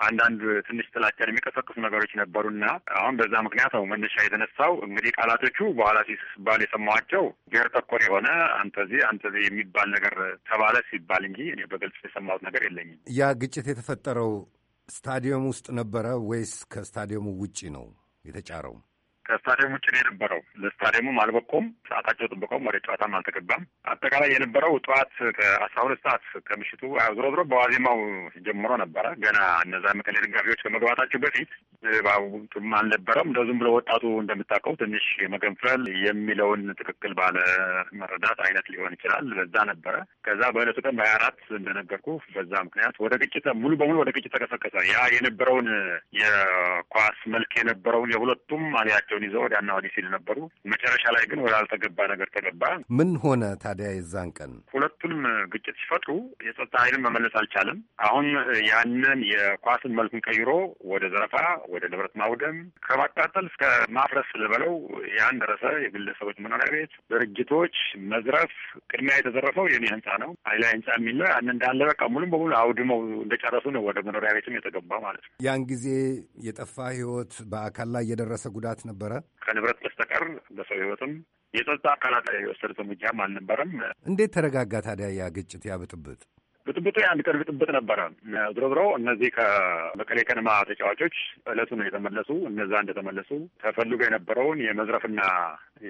አንዳንድ ትንሽ ጥላቻን የሚቀሰቅሱ ነገሮች ነበሩና አሁን በዛ ምክንያት ነው መነሻ የተነሳው። እንግዲህ ቃላቶቹ በኋላ ሲባል የሰማኋቸው ብሔር ተኮር የሆነ አንተዚ አንተዚ የሚባል ነገር ተባለ ሲባል እንጂ እኔ በግልጽ የሰማሁት ነገር የለኝም። ያ ግጭት የተፈጠረው ስታዲየም ውስጥ ነበረ ወይስ ከስታዲየሙ ውጪ ነው የተጫረው? ከስታዲየም ውጭ ነው የነበረው። ለስታዲየሙም አልበቆም፣ ሰዓታቸው ጥብቀውም ወደ ጨዋታም አልተገባም። አጠቃላይ የነበረው ጠዋት ከአስራ ሁለት ሰዓት ከምሽቱ ዞሮ ዞሮ በዋዜማው ጀምሮ ነበረ። ገና እነዛ መቀሌ ደጋፊዎች ከመግባታቸው በፊት ባቡም አልነበረም። እንደዚሁም ብሎ ወጣቱ እንደምታውቀው ትንሽ መገንፈል የሚለውን ትክክል ባለ መረዳት አይነት ሊሆን ይችላል። በዛ ነበረ። ከዛ በእለቱ ቀን በሀያ አራት እንደነገርኩ በዛ ምክንያት ወደ ግጭት ሙሉ በሙሉ ወደ ግጭት ተቀሰቀሰ። ያ የነበረውን የኳስ መልክ የነበረውን የሁለቱም አሊያቸው እጃቸውን ይዘው ወዲያና ወዲህ ሲል ነበሩ። መጨረሻ ላይ ግን ወዳልተገባ ነገር ተገባ። ምን ሆነ ታዲያ? የዛን ቀን ሁለቱንም ግጭት ሲፈጥሩ የጸጥታ ኃይልን መመለስ አልቻለም። አሁን ያንን የኳስን መልኩን ቀይሮ ወደ ዘረፋ፣ ወደ ንብረት ማውደም ከማቃጠል እስከ ማፍረስ ልበለው ያን ደረሰ። የግለሰቦች መኖሪያ ቤት፣ ድርጅቶች መዝረፍ። ቅድሚያ የተዘረፈው የኔ ህንፃ ነው ህንፃ የሚል ነው። ያን እንዳለ በቃ ሙሉም በሙሉ አውድመው እንደጨረሱ ነው ወደ መኖሪያ ቤትም የተገባ ማለት ነው። ያን ጊዜ የጠፋ ህይወት፣ በአካል ላይ የደረሰ ጉዳት ነበር ነበረ። ከንብረት በስተቀር በሰው ህይወትም የጸጥታ አካላት የወሰዱት እርምጃም አልነበረም። እንዴት ተረጋጋ ታዲያ ያ ግጭት ያ ብጥብጥ? ብጥብጡ የአንድ ቀን ብጥብጥ ነበረ። ድሮ ድሮ እነዚህ ከመቀሌ ከነማ ተጫዋቾች እለቱ ነው የተመለሱ። እነዛ እንደተመለሱ ተፈልጎ የነበረውን የመዝረፍና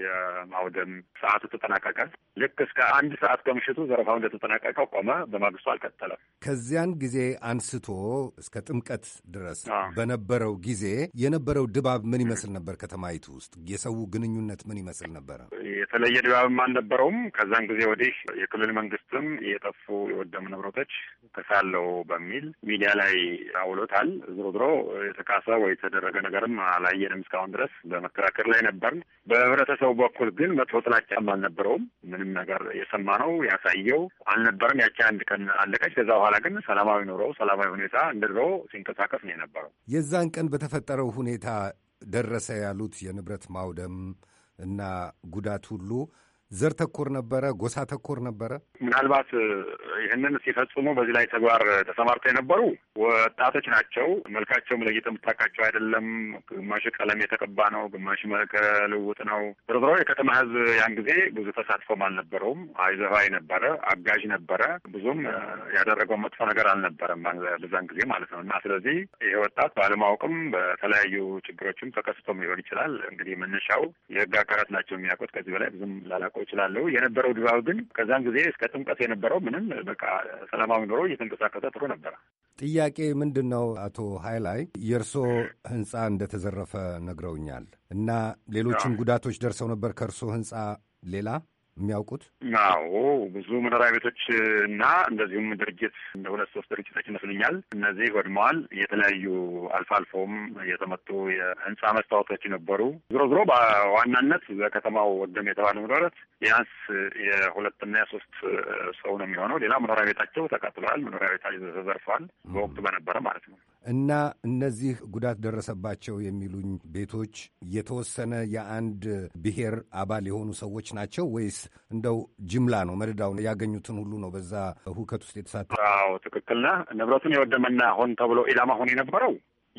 የማውደም ሰዓቱ ተጠናቀቀ። ልክ እስከ አንድ ሰዓት ከምሽቱ ዘረፋው እንደተጠናቀቀ ቆመ። በማግስቱ አልቀጠለም። ከዚያን ጊዜ አንስቶ እስከ ጥምቀት ድረስ በነበረው ጊዜ የነበረው ድባብ ምን ይመስል ነበር? ከተማይቱ ውስጥ የሰው ግንኙነት ምን ይመስል ነበረ? የተለየ ድባብም አልነበረውም። ከዚያን ጊዜ ወዲህ የክልል መንግስትም የጠፉ የወደሙ ንብረቶች ከሳለው በሚል ሚዲያ ላይ አውሎታል። ዝሮ ዝሮ የተካሰ ወይ የተደረገ ነገርም አላየንም እስካሁን ድረስ። በመከራከር ላይ ነበር በህብረተ ሰው በኩል ግን መጥፎ ጥላቻም አልነበረውም። ምንም ነገር የሰማነው ያሳየው አልነበረም። ያቺ አንድ ቀን አለቀች። ከዛ በኋላ ግን ሰላማዊ ኑሮው ሰላማዊ ሁኔታ እንደ ሲንቀሳቀስ ነው የነበረው። የዛን ቀን በተፈጠረው ሁኔታ ደረሰ ያሉት የንብረት ማውደም እና ጉዳት ሁሉ ዘር ተኮር ነበረ፣ ጎሳ ተኮር ነበረ። ምናልባት ይህንን ሲፈጽሙ በዚህ ላይ ተግባር ተሰማርተው የነበሩ ወጣቶች ናቸው። መልካቸውም ለይተህ የምታውቃቸው አይደለም። ግማሽ ቀለም የተቀባ ነው፣ ግማሽ መልከ ልውጥ ነው። ዞሮ የከተማ ህዝብ ያን ጊዜ ብዙ ተሳትፎም አልነበረውም። አይዘባይ ነበረ፣ አጋዥ ነበረ። ብዙም ያደረገው መጥፎ ነገር አልነበረም በዛን ጊዜ ማለት ነው። እና ስለዚህ ይሄ ወጣት ባለማወቅም በተለያዩ ችግሮችም ተከስቶም ሊሆን ይችላል። እንግዲህ መነሻው የህግ አካላት ናቸው የሚያውቁት። ከዚህ በላይ ብዙም ላላቆ እችላለሁ። የነበረው ድባብ ግን ከዛን ጊዜ እስከ ጥምቀት የነበረው ምንም በቃ ሰላማዊ ኑሮ እየተንቀሳቀሰ ጥሩ ነበረ። ጥያቄ ምንድን ነው? አቶ ሀይላይ የእርሶ ህንፃ እንደተዘረፈ ነግረውኛል እና ሌሎችም ጉዳቶች ደርሰው ነበር ከእርሶ ህንፃ ሌላ የሚያውቁት? አዎ ብዙ መኖሪያ ቤቶች እና እንደዚሁም ድርጅት እንደ ሁለት ሶስት ድርጅቶች ይመስለኛል። እነዚህ ወድመዋል። የተለያዩ አልፎ አልፎም የተመቱ የህንፃ መስታወቶች ነበሩ። ዞሮ ዞሮ በዋናነት በከተማው ወደም የተባለ መኖረት ቢያንስ የሁለትና የሶስት ሰው ነው የሚሆነው። ሌላ መኖሪያ ቤታቸው ተቃጥለዋል። መኖሪያ ቤታቸው ተዘርፈዋል። በወቅቱ በነበረ ማለት ነው። እና እነዚህ ጉዳት ደረሰባቸው የሚሉኝ ቤቶች የተወሰነ የአንድ ብሔር አባል የሆኑ ሰዎች ናቸው ወይስ እንደው ጅምላ ነው? መደዳውን ያገኙትን ሁሉ ነው በዛ ሁከት ውስጥ የተሳተፉ? አዎ ትክክል ነህ። ንብረቱን የወደመና ሆን ተብሎ ኢላማ ሆን የነበረው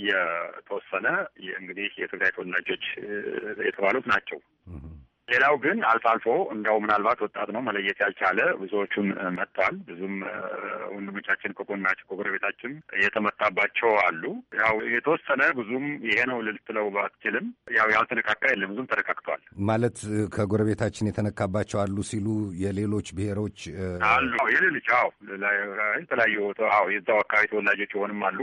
የተወሰነ እንግዲህ የትግራይ ተወላጆች የተባሉት ናቸው። ሌላው ግን አልፎ አልፎ እንደው ምናልባት ወጣት ነው መለየት ያልቻለ ብዙዎቹም መጥቷል። ብዙም ወንድሞቻችን ከጎናቸው ከጎረቤታችን የተመታባቸው አሉ። ያው የተወሰነ ብዙም ይሄ ነው ልትለው ባትችልም ያው ያልተነካካ የለም። ብዙም ተነካክቷል ማለት ከጎረቤታችን የተነካባቸው አሉ ሲሉ የሌሎች ብሔሮች አሉ የሌሎች አዎ የተለያዩ የዛው አካባቢ ተወላጆች የሆንም አሉ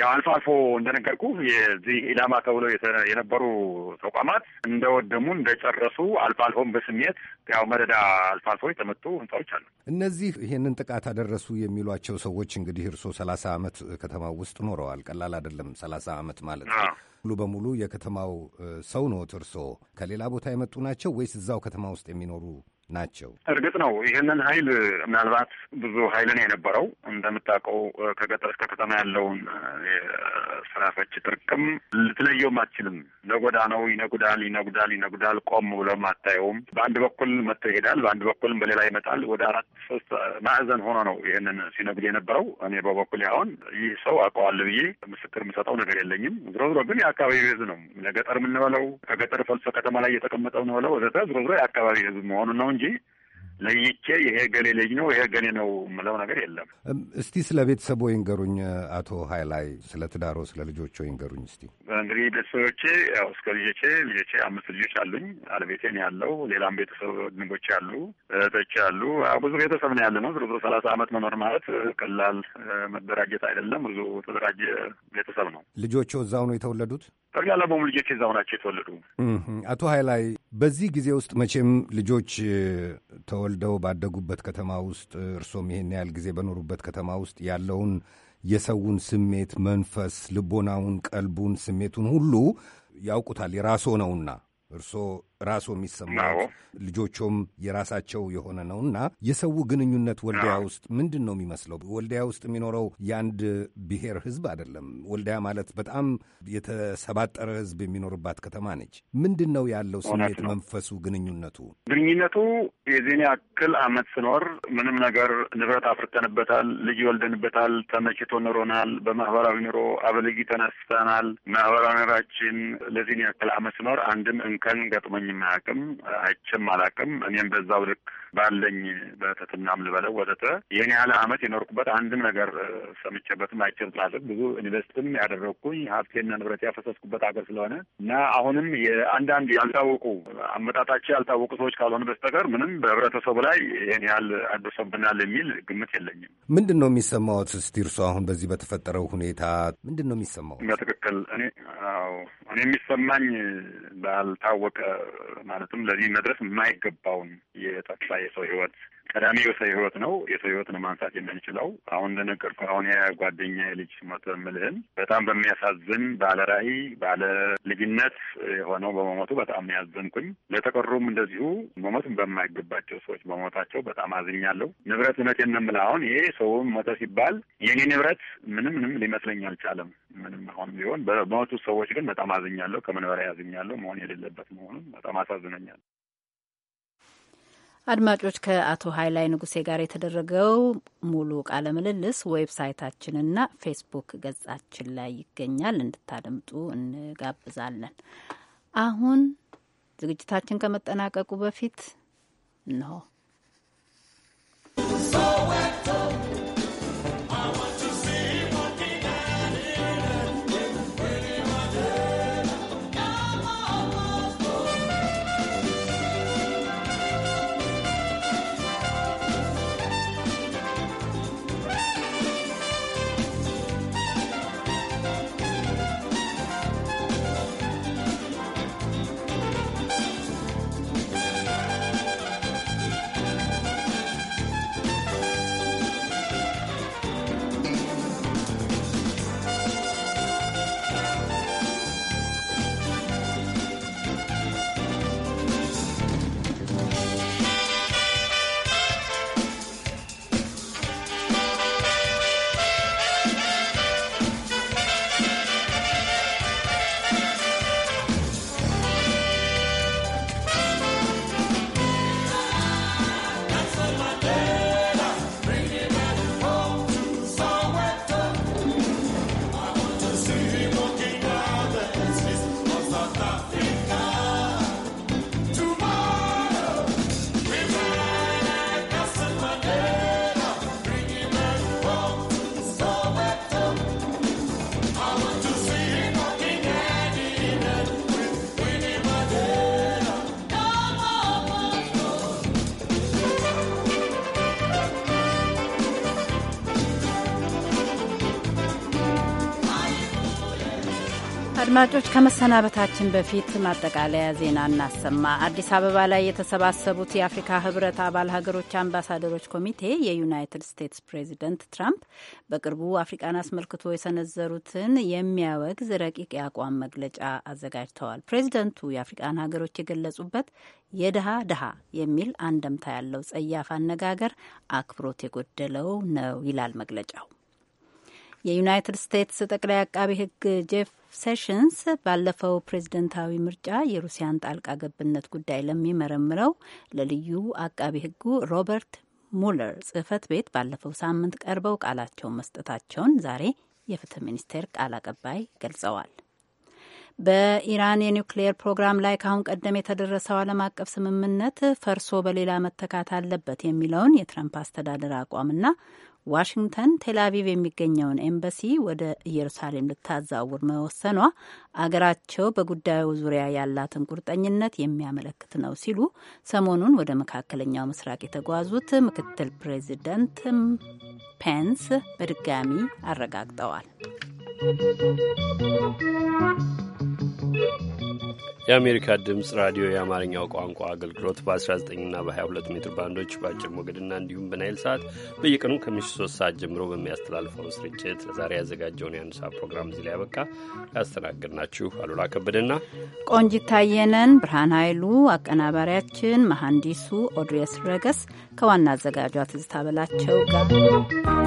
ያው አልፎ አልፎ እንደነገርኩ የዚህ ኢላማ ተብለው የነበሩ ተቋማት እንደወደሙ እንደጨረሱ፣ አልፎ አልፎም በስሜት ያው መረዳ አልፎ አልፎ የተመቱ ህንፃዎች አሉ። እነዚህ ይህንን ጥቃት አደረሱ የሚሏቸው ሰዎች እንግዲህ እርስዎ ሰላሳ ዓመት ከተማ ውስጥ ኖረዋል። ቀላል አይደለም ሰላሳ ዓመት ማለት ነው። ሙሉ በሙሉ የከተማው ሰው ነዎት እርስዎ። ከሌላ ቦታ የመጡ ናቸው ወይስ እዛው ከተማ ውስጥ የሚኖሩ ናቸው። እርግጥ ነው ይህንን ኃይል ምናልባት ብዙ ኃይልን ነው የነበረው እንደምታውቀው ከገጠር እስከ ከተማ ያለውን የስራ ፈች ጥርቅም ልትለየውም አትችልም። ነጎዳ ነው ይነጉዳል፣ ይነጉዳል፣ ይነጉዳል። ቆም ብለው አታየውም። በአንድ በኩል መጥቶ ይሄዳል፣ በአንድ በኩልም በሌላ ይመጣል። ወደ አራት ሶስት ማዕዘን ሆኖ ነው ይህንን ሲነግድ የነበረው። እኔ በበኩል አሁን ይህ ሰው አውቀዋለሁ ብዬ ምስክር የምሰጠው ነገር የለኝም። ዝሮ ዝሮ ግን የአካባቢ ህዝብ ነው ለገጠር የምንበለው ከገጠር ፈልሶ ከተማ ላይ እየተቀመጠው ነው ብለው ወዘተ ዝሮ ዝሮ የአካባቢ ህዝብ መሆኑን ነው Angie ለይቼ ይሄ ገሌ ልጅ ነው ይሄ ገሌ ነው የምለው ነገር የለም። እስቲ ስለ ቤተሰቦ ይንገሩኝ አቶ ሀይላይ፣ ስለ ትዳሮ፣ ስለ ልጆቹ ይንገሩኝ እስቲ። እንግዲህ ቤተሰቦቼ ያው እስከ ልጆቼ ልጆቼ አምስት ልጆች አሉኝ። አለቤቴ ያለው። ሌላም ቤተሰብ ድንጎች አሉ፣ እህቶች አሉ። ብዙ ቤተሰብ ነው ያለ ነው። ዝሮ ዝሮ ሰላሳ አመት መኖር ማለት ቀላል መደራጀት አይደለም። ብዙ ተደራጀ ቤተሰብ ነው። ልጆቹ እዛው ነው የተወለዱት። ጠቅላላ በሙሉ ልጆች እዛው ናቸው የተወለዱ። አቶ ሀይላይ፣ በዚህ ጊዜ ውስጥ መቼም ልጆች ተወ ተወልደው ባደጉበት ከተማ ውስጥ እርሶም ይህን ያህል ጊዜ በኖሩበት ከተማ ውስጥ ያለውን የሰውን ስሜት፣ መንፈስ፣ ልቦናውን፣ ቀልቡን፣ ስሜቱን ሁሉ ያውቁታል። የራስዎ ነውና እርሶ ራሱ የሚሰማው ልጆቹም የራሳቸው የሆነ ነው እና የሰው ግንኙነት ወልዲያ ውስጥ ምንድን ነው የሚመስለው? ወልዲያ ውስጥ የሚኖረው የአንድ ብሔር ህዝብ አይደለም። ወልዲያ ማለት በጣም የተሰባጠረ ህዝብ የሚኖርባት ከተማ ነች። ምንድን ነው ያለው ስሜት፣ መንፈሱ፣ ግንኙነቱ? ግንኙነቱ የዜና ያክል አመት ስኖር ምንም ነገር ንብረት አፍርተንበታል፣ ልጅ ወልደንበታል፣ ተመችቶ ኖሮናል፣ በማህበራዊ ኑሮ አበልጊ ተነስተናል። ማህበራዊ ኑራችን ለዚህን ያክል አመት ስኖር አንድም እንከን ገጥሞኝ የለኝም አያውቅም አይቼም አላውቅም። እኔም በዛው ልክ ባለኝ በተትናም ልበለው ወተተ ይህን ያህል አመት የኖርኩበት አንድም ነገር ሰምቼበትም አይቼም ስላለ ብዙ ኢንቨስትም ያደረግኩኝ ሀብቴና ንብረት ያፈሰስኩበት ሀገር ስለሆነ እና አሁንም የአንዳንድ ያልታወቁ አመጣጣቸው ያልታወቁ ሰዎች ካልሆነ በስተቀር ምንም በህብረተሰቡ ላይ ይህን ያህል አድርሶብናል የሚል ግምት የለኝም። ምንድን ነው የሚሰማዎት? እስቲ እርሶ አሁን በዚህ በተፈጠረው ሁኔታ ምንድን ነው የሚሰማው? በትክክል እኔ አዎ እኔ የሚሰማኝ ባልታወቀ ማለትም ለዚህ መድረስ የማይገባውን የጠቅላይ የሰው ህይወት ቀዳሚ የሰው ህይወት ነው። የሰው ህይወት ነው ማንሳት የምንችለው አሁን እንደነገርኩ አሁን የጓደኛ ልጅ ሞተ ምልህን በጣም በሚያሳዝን ባለ ራዕይ ባለ ልጅነት የሆነው በመሞቱ በጣም ያዘንኩኝ። ለተቀሩም እንደዚሁ መሞቱን በማይገባቸው ሰዎች በሞታቸው በጣም አዝኛለሁ። ንብረት እውነቴን የምንምል አሁን ይሄ ሰውም ሞተ ሲባል የኔ ንብረት ምንም ምንም ሊመስለኝ አልቻለም። ምንም አሁን ቢሆን በሞቱ ሰዎች ግን በጣም አዝኛለሁ። ከመንበሪያ ያዝኛለሁ መሆን የሌለበት መሆኑን በጣም አሳዝነኛል። አድማጮች ከአቶ ሀይላይ ንጉሴ ጋር የተደረገው ሙሉ ቃለ ምልልስ ዌብሳይታችንና ፌስቡክ ገጻችን ላይ ይገኛል። እንድታደምጡ እንጋብዛለን። አሁን ዝግጅታችን ከመጠናቀቁ በፊት እንሆ አድማጮች ከመሰናበታችን በፊት ማጠቃለያ ዜና እናሰማ። አዲስ አበባ ላይ የተሰባሰቡት የአፍሪካ ህብረት አባል ሀገሮች አምባሳደሮች ኮሚቴ የዩናይትድ ስቴትስ ፕሬዚደንት ትራምፕ በቅርቡ አፍሪቃን አስመልክቶ የሰነዘሩትን የሚያወግዝ ረቂቅ የአቋም መግለጫ አዘጋጅተዋል። ፕሬዚደንቱ የአፍሪቃን ሀገሮች የገለጹበት የድሃ ድሃ የሚል አንደምታ ያለው ጸያፍ አነጋገር አክብሮት የጎደለው ነው ይላል መግለጫው። የዩናይትድ ስቴትስ ጠቅላይ አቃቢ ሕግ ጄፍ ሴሽንስ ባለፈው ፕሬዝደንታዊ ምርጫ የሩሲያን ጣልቃ ገብነት ጉዳይ ለሚመረምረው ለልዩ አቃቢ ሕጉ ሮበርት ሙለር ጽህፈት ቤት ባለፈው ሳምንት ቀርበው ቃላቸውን መስጠታቸውን ዛሬ የፍትህ ሚኒስቴር ቃል አቀባይ ገልጸዋል። በኢራን የኒውክሌየር ፕሮግራም ላይ ከአሁን ቀደም የተደረሰው ዓለም አቀፍ ስምምነት ፈርሶ በሌላ መተካት አለበት የሚለውን የትረምፕ አስተዳደር አቋምና ዋሽንግተን ቴልአቪቭ የሚገኘውን ኤምባሲ ወደ ኢየሩሳሌም ልታዛውር መወሰኗ አገራቸው በጉዳዩ ዙሪያ ያላትን ቁርጠኝነት የሚያመለክት ነው ሲሉ ሰሞኑን ወደ መካከለኛው ምስራቅ የተጓዙት ምክትል ፕሬዚደንት ፔንስ በድጋሚ አረጋግጠዋል። የአሜሪካ ድምፅ ራዲዮ የአማርኛው ቋንቋ አገልግሎት በ 19 እና በ22 ሜትር ባንዶች በአጭር ሞገድና እንዲሁም በናይል ሰዓት በየቀኑ ከምሽት 3 ሰዓት ጀምሮ በሚያስተላልፈው ስርጭት ለዛሬ ያዘጋጀውን የአንድ ሰዓት ፕሮግራም እዚህ ላይ ያበቃ። ያስተናግድናችሁ አሉላ ከበደና ቆንጂት ታየነን፣ ብርሃን ኃይሉ አቀናባሪያችን፣ መሐንዲሱ ኦድሬስ ረገስ ከዋና አዘጋጇ ትዝታ በላቸው ጋር